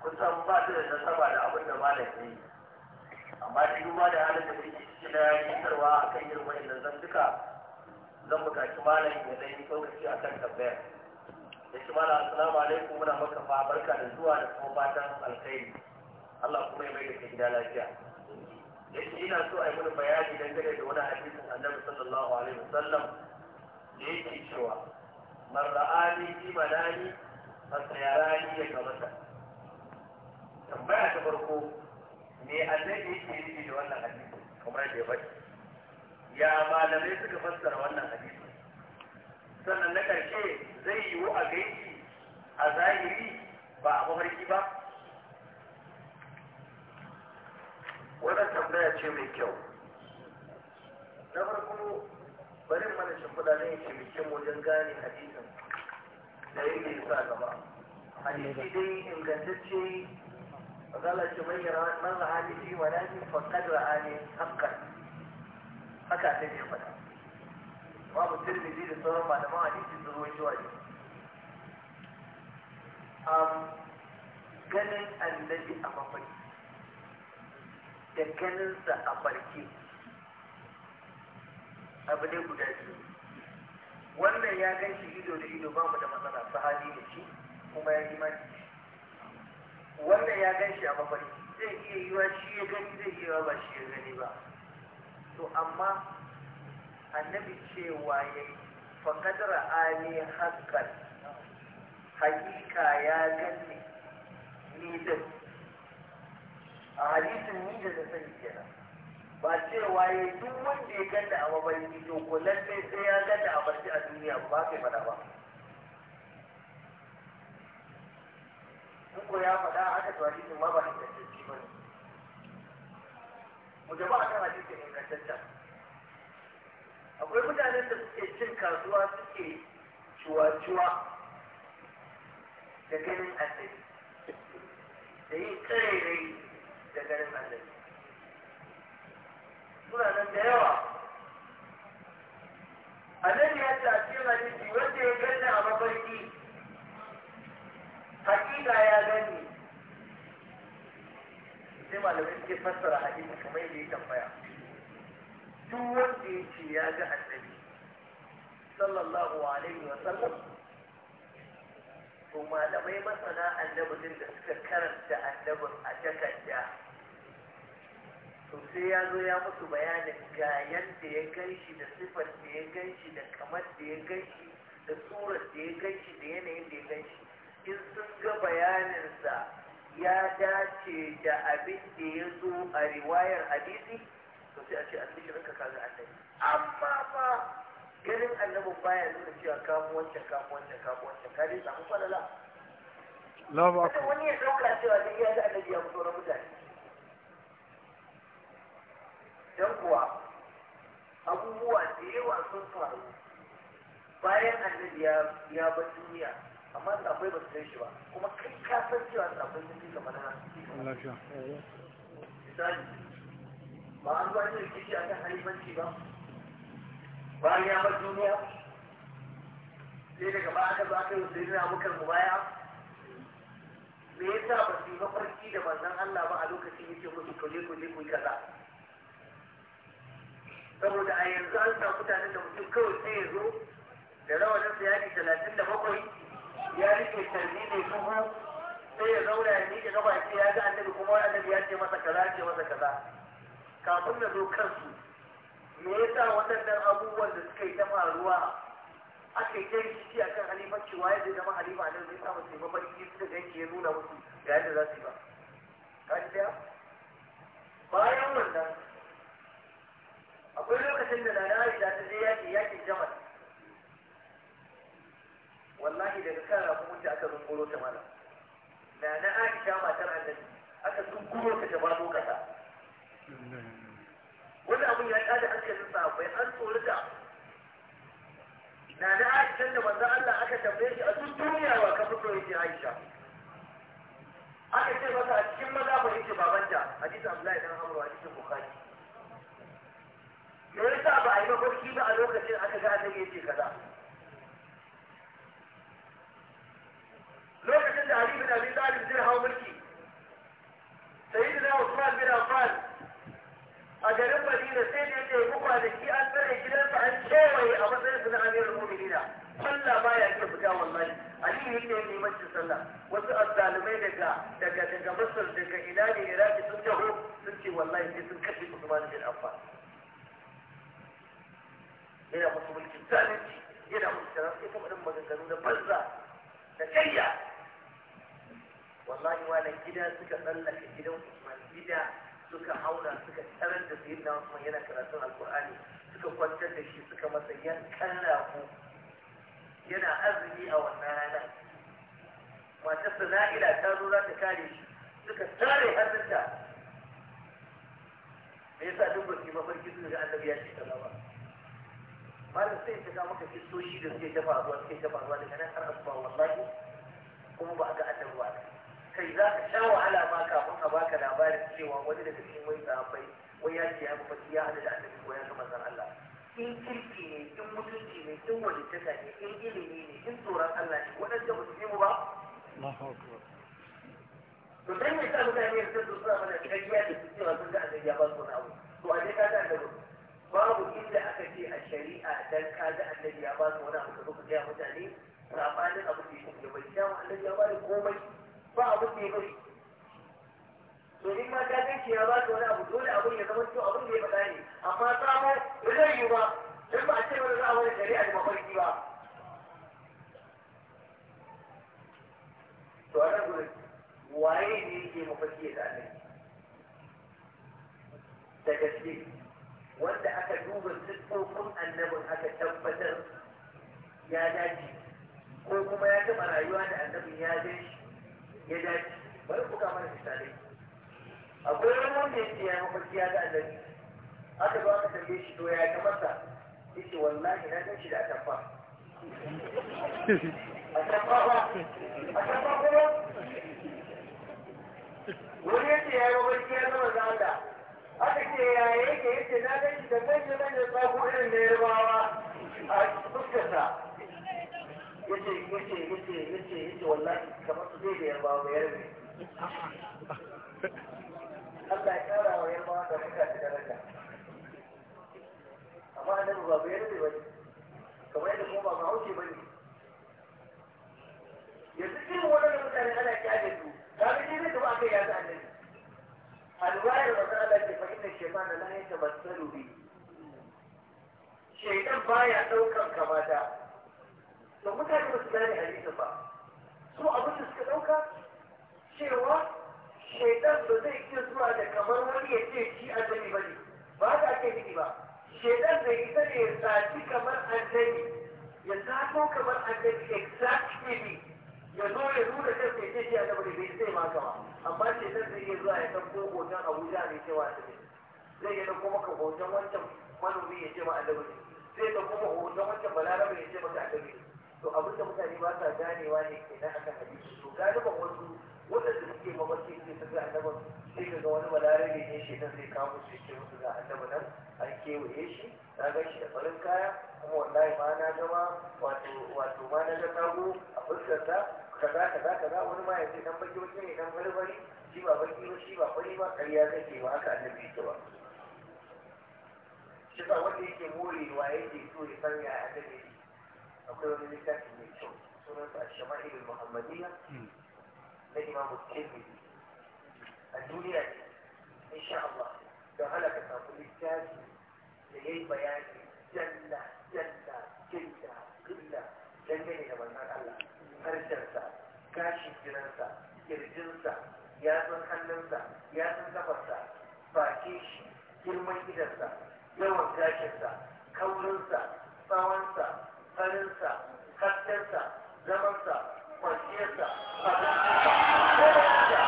kusan ba ta da nasaba da abin da malam ya yi amma shi duba da halin da take ciki na yankarwa a kan irin wa'annan zantuka zan buƙaci malam ya zai yi tsokaci a kan tabbayar da shi malam assalamu alaikum muna maka fa barka da zuwa da kuma fatan alkhairi Allah kuma ya mai da gida lafiya shi ina so a yi mini bayani dangane da wani hadisin annabi sallallahu alaihi wasallam da yake cewa man ra'ani fi manani fa sayarani ya kamata tambaya ta farko me annabi yake nufi da wannan hadisi kamar da ya bari ya malamai suka fassara wannan hadisi sannan na ƙarshe zai yiwu a gaiki a zahiri ba a mafarki ba wannan tambaya ce mai kyau na farko bari mana shimfiɗa ne ke bikin wajen gane hadisin da yake sa gaba hadisi dai ingantacce mazala ce man yara man ra'ani fi manami faqad ra'ani haqqan haka ta ne fada babu tirmidhi da sauran malaman hadisi sun ruwaito hadisi ganin annabi a mafarki da ganinsa a abu ne guda biyu wannan ya gan shi ido da ido ba mu da matsala sahabi da shi kuma ya imani wannan ya gan shi a mafari zai iya yiwa shi ya gani zai iya ba shi ya gani ba to amma annabi cewa ya yi fakadar ali haƙƙar hakika ya gan ne da a hadisin ni da sani kenan ba cewa ya duk wanda ya ganda a ne to ko lalle sai ya ganda a barci a duniya ba kai fada ba ko ya faɗa aka to hadisin ma ba ingantacce ba ne mu jaba a kan hadisin ingantaccen akwai mutanen da suke cin kasuwa suke cuwa-cuwa da ganin annabi da yin tsirrai da ganin annabi suna nan da yawa A nan ya ce a cikin hadisi wanda ya ganna a mafarki hakika ya gani sai malamai suke fassara hadisi kamar yadda ya tambaya duk wanda ya ce ya ga annabi sallallahu alaihi wa sallam to malamai masana annabin da suka karanta annabin a takarda to sai ya zo ya musu bayanin ga yadda ya gan shi da sifar da ya gan shi da kamar da ya gan shi da tsoron da ya gan shi da yanayin da ya gan shi in sun ga bayaninsa ya dace da abin da ya zo a riwayar hadisi to sai a ce shi ranka kaga annabi amma fa ganin annabin baya nuna cewa kamu wancan kamu wancan kamu wancan ka dai samu falala Allahu ko wani ya dauka cewa duk ya ga annabi ya fito na mutane dan kuwa abubuwa da yawa sun faru bayan annabi ya bar duniya amma da akwai ba su kai shi ba kuma kai ka san cewa da akwai sun fika mana lafiya misali ba an zuwa yin rikici a kan halifanci ba bayan ya bar duniya sai daga ba aka zo aka yi wasu yana mukar mu baya me yasa ba su yi mafarki da manzon Allah ba a lokacin yake musu kuje kuje ku kaza saboda a yanzu an sa mutanen da mutum kawai sai ya zo da rawanin sa yaki talatin da bakwai ya rike tarbiyyar duhu sai ya zauna ya miƙe gaba ya ce ya ga annabi kuma wani annabi ya ce masa kaza ya ce masa kaza kafin na zo kansu me yasa waɗannan abubuwan da suka yi ta faruwa aka yi kai shi akan halifanci waye zai zama halifa ne zai samu sai mafarki da ganki ya nuna musu ga yadda za su yi ba ka ji daya bayan wannan akwai lokacin da na da ta je yaƙi yaƙin jamal wallahi daga kan wuce aka zunguro ta mana na na aisha matar annabi aka zunguro ta ta bado kasa wani abun ya kada hankalin bai an tsorata na na aisha da manzo Allah aka tambaye shi a duk duniya wa ka fito yake aisha aka ce masa a cikin maza ba yake babanta hadisi Abdullahi dan Amr hadisi Bukhari me sa ba a yi mafarki ba a lokacin aka ga annabi yake kaza lokacin da Ali bin Abi Talib zai hawo mulki sayyidina Usman bin Affan a garin Madina sai da yake ku kwanaki an tsare gidansa an kewaye a matsayin sa na Amirul Mu'minina sallah baya iya fita wallahi Ali yake yin limancin sallah wasu azzalumai daga daga daga Masar daga ina ne Iraki sun taho sun ce wallahi sai sun kashe Usman bin Affan yana musu mulkin zalunci yana musu kuma ita maganganu na banza da kayya wallahi wala gida suka tsallaka gidan Usman gida suka haura suka tarar da sayyidina Usman yana karatun alkur'ani suka kwantar da shi suka masa yankan rago yana azumi a wannan rana matarsa na'ila ta zo za ta kare shi suka tare hannunta me yasa duk ba su mafarki suka ga annabi ya ce kaza ba malam sai ta ga maka kistoshi da suke dafa ruwa suke dafa ruwa daga nan har asuba wallahi kuma ba a ga annabi ba kai za ka sha wahala ma kafin a baka labarin cewa wani daga cikin wai sahabbai wai ya ce ya kuma mace ya hada da annabi ko ya ga manzon Allah in kirki ne in mutunci ne in wajibtaka ne in ilimi ne in tsoron Allah ne waɗanda ba su yi mu ba to sai mai sa mutane ya san suna mana kariya da su cewa sun ga annabi ya ba su wani abu to a dai ka ga annabi babu inda aka ce a shari'a dan ka ga annabi ya ba su wani abu ka zo ka gaya mutane sabanin abu da ya bai sha annabi ya ba da komai ba abin da ya bari to in ma ta ganci ya ba ta wani abu dole abin ya zama to abin da ya faɗa ne amma samo ba zai yi ba in ba a ce wani za a wani shari'a da mafarki ba to a nan gurin waye ne yake mafarki ya zaɓe da gaske wanda aka duba siffofin annabin aka tabbatar ya dace ko kuma ya taɓa rayuwa da annabin ya gan shi ya dace bari buga mana misalai akwai wani wanda yake ya mafarki ya ga annabi aka ba ka tambaye shi to ya ga masa yace wallahi na gan da atamfa atamfa ba atamfa ko ba wani yace ya mafarki ya ga manzo Allah aka ce ya yake yace na gan da manyan manyan tsago irin da yarbawa a fuskarsa yace yace yace yace yace wallahi kamar su zai da yarbawa ba yarbe Allah ya kara wa yarbawa da muka da daraja amma annabi ba yarbe ba ne kamar yadda kuma ba hauke ba ne yanzu irin wannan mutane ana kyale su ka ga dai da ba kai ya ga annabi alwayar wa ta'ala ke fa inna shaytana la yatamassalu bi Shaidan baya daukan kamata da mutane ba su gane hadisin ba su abin da suka ɗauka cewa shaidan ba zai iya zuwa da kamar wani ya ce shi annabi ba ne ba da ake nufi ba shaidan da ita ne ya sati kamar annabi ya sato kamar annabi exactly ya zo ya nuna kan sai ce shi annabi ne bai sai ma ba amma shaidan zai iya zuwa ya ɗauko hoton abuja ne cewa ne zai iya ɗauko maka hoton wancan manomi ya ce ma a ne zai ɗauko maka hoton wancan balarabe ya ce maka annabi ne to abin da mutane ba sa ganewa ne ke nan akan hadisi to galiban wasu waɗanda suke mabarci suke ga annaban sai ka ga wani balare ne shi nan zai kawo su ce musu ga annaba nan an kewaye shi na gan shi da farin kaya kuma wallahi ma na gama wato wato ma na ga tago a ta kaza kaza kaza wani ma ya ce dan baki wani ne dan bari shi ba baki ba shi ba bari ba kariya kake ba haka annabi yake ba shi ba wanda yake morewa yake so ya san ya annabi akwai wani littafi mai kyau sunansa a shama'il muhammadiyya hmm. na imamu tirmidhi a duniya ne insha Allah don halaka samu littafi da ya yi bayani jalla jalla jilla jilla dangane da wannan Allah harshensa gashin jiransa ƙirjinsa, yatsun hannunsa yatsun kafarsa bakin shi girman idansa yawan gashinsa kaurinsa tsawonsa farinsa haskensa zamansa kwanciyarsa fadakarsa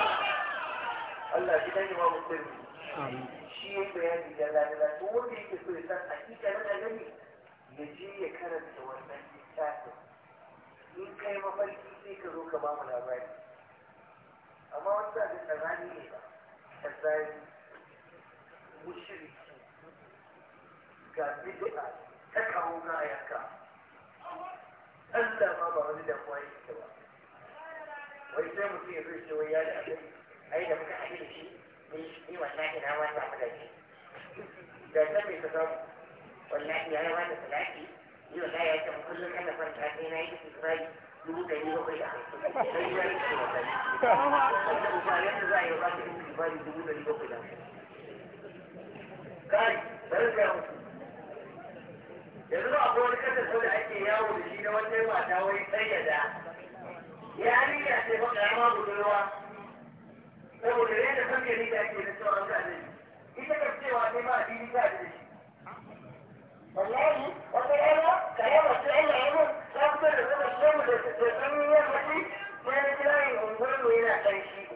Allah shi dan imamu sirri shi ya bayani da lalala to wanda yake so ya san hakika na annabi ya je ya karanta wannan littafin in kai mafarki sai ka zo ka ba mu labari amma wani sa da tsarani ne ba tsarani mushiriki ga bid'a ta kawo gayanka Allah ma ba wani damuwa ya ta ba wai sai mutum ya zo ce wai ya da abin ai da muka haɗe shi ni wallahi na ma samu da shi da ta mai ta samu wallahi ya rawa da salati ni wallahi ya samu kullum ana kwanta sai na yi isra'i dubu ɗari bakwai da hamsin sai ya yi ce wallahi wanda uba yadda za a yi ba su yi isra'i dubu ɗari bakwai da hamsin kai bari ga mutu. yanzu ba akwai wani kasar da ake yawo da shi wata mata wai tsayyada yari ya ce ba karama budurwa saboda yadda hankali da ake da sauran ka da ita ka cewa ne ma addini ka da shi wallahi wata yana karama ce Allah ya mun ta fito da zama shemu da tsanin yammaci sai na ji layin unguwarmu yana ƙarshi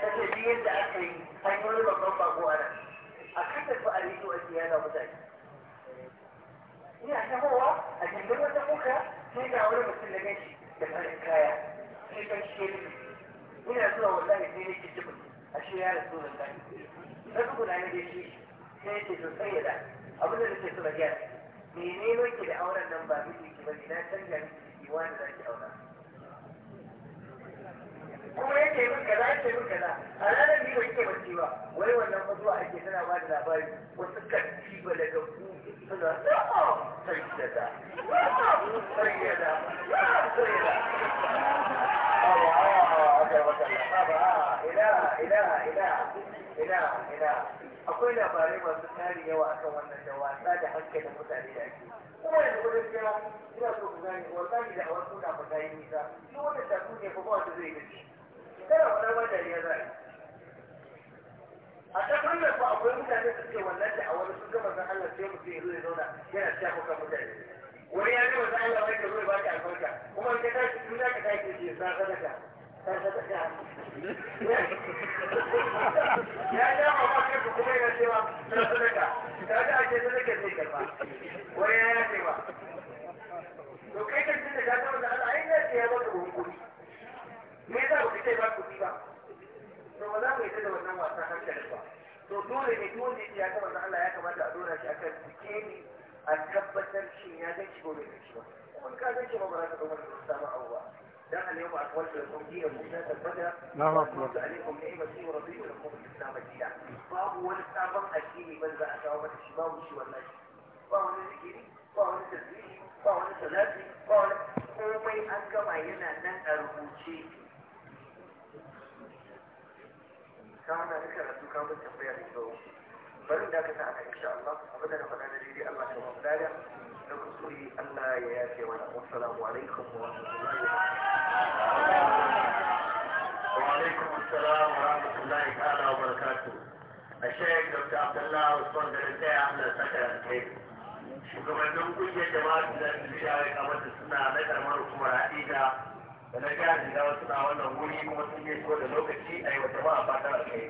ta ce yadda aka yi an yi wani babban bako a nan a kan tafi a rediyo a siyasa mutane ina tahowa a jirgin wata kuka sai ga wani mutum da gashi da farin kaya sai kan shi ne ina zuwa wallahi sai ne kici mutum a shi ya rasu da tsari na duk na ne da shi sai ke so sai da abin da nake so na gyara menene ke da auren nan ba miki ki bari na canja miki da za ki aura kuma ya ce min kaza ya ce min kaza a ranar ni ban ke bacci ba wai wannan fa zuwa ake tana ba da labari wasu kanti ba daga ku suna na'a sayyada na'a sayyada awa awa aka maka ba ina, ina, ina, ina, ila akwai labarai masu tarin yawa akan wannan da wasa da hankalin mutane da ake kuma yanzu wajen kira ina so ku gane wallahi da awar kuna ba ta yi nisa shi wannan tatsuniya ba ba wanda zai yi kada wata wanda ya zai a ta fannin ku akwai mutane da suke wannan da a wani sun gama san Allah sai mutum ya zo ya zauna yana cewa kuka mutane wani ya gama san Allah wai ka zo ya baki albarka kuma in ka tashi tun za ka tashi ya sa sadaka ya dama ba kanka kuma yana cewa na sadaka ta ga ake sadaka sai karba wani ya ya ce ba to kai kan tunda ka zama da Allah ai ya ce ya baka hukunci. me yasa ba kai ba kuɗi ba to ba za mu yi da wannan wasan hankali ba to dole ne dole ne ya kama Allah ya kamata a dora shi akan sikeli a tabbatar shi ya ga shi gobe da shi ba kuma ka ga shi ba ba za ka ga wannan sabon abu ba dan al tabbata akmaltu lakum dinakum wa tafaddala Allahu akbar alaikum ni'mati wa raditu lakum al ba jiya. babu wani sabon addini ban za a kawo mata shi babu shi wallahi ba wani zikiri ba wani tasbihi ba wani salati ba wani komai an gama yana nan a rubuce ka hana ni karatu ka mun tambaya da kyau bari da ka sa aka insha Allah abin da faɗa na daidai Allah ya mu dada da kusuri Allah ya yafe mana assalamu alaikum wa rahmatullahi wa barakatuh wa alaikum assalam wa rahmatullahi ta'ala wa barakatuh الشيخ دكتور عبد الله عثمان درسي عمل الفترة الخير shugabannin kungiyar jama'a da zai shayar kamar da suna na karamar hukumar haɗiga da na ga da wasu na wannan wuri kuma sun yi da lokaci a yi wa jama'a fata a kai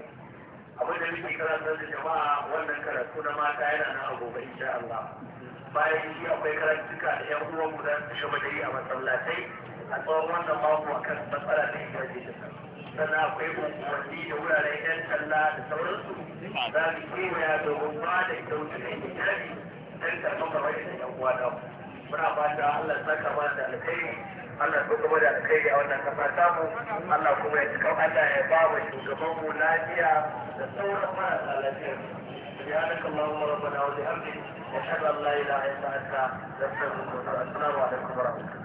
abin da muke karantar da jama'a wannan karatu na mata yana nan a gobe insha Allah bayan shi akwai karantuka da yan uwan mu da su shaba dai a masallatai a tsawon wannan mako akan matsala da ya ji sannan akwai unguwanni da wuraren yan talla da sauransu za mu kewaya domin ba da ita wuce da hijabi don karɓar kamar da yan uwa da muna fata Allah saka mana da alkhairi Allah ya kuma da alkhairi a wannan kasa samu Allah kuma ya cika Allah ya ba wa shugaban mu lafiya da sauran marasa lafiya سبحانك اللهم ربنا وبحمدك أشهد أن لا إله إلا أنت نستغفرك السلام عليكم ورحمة الله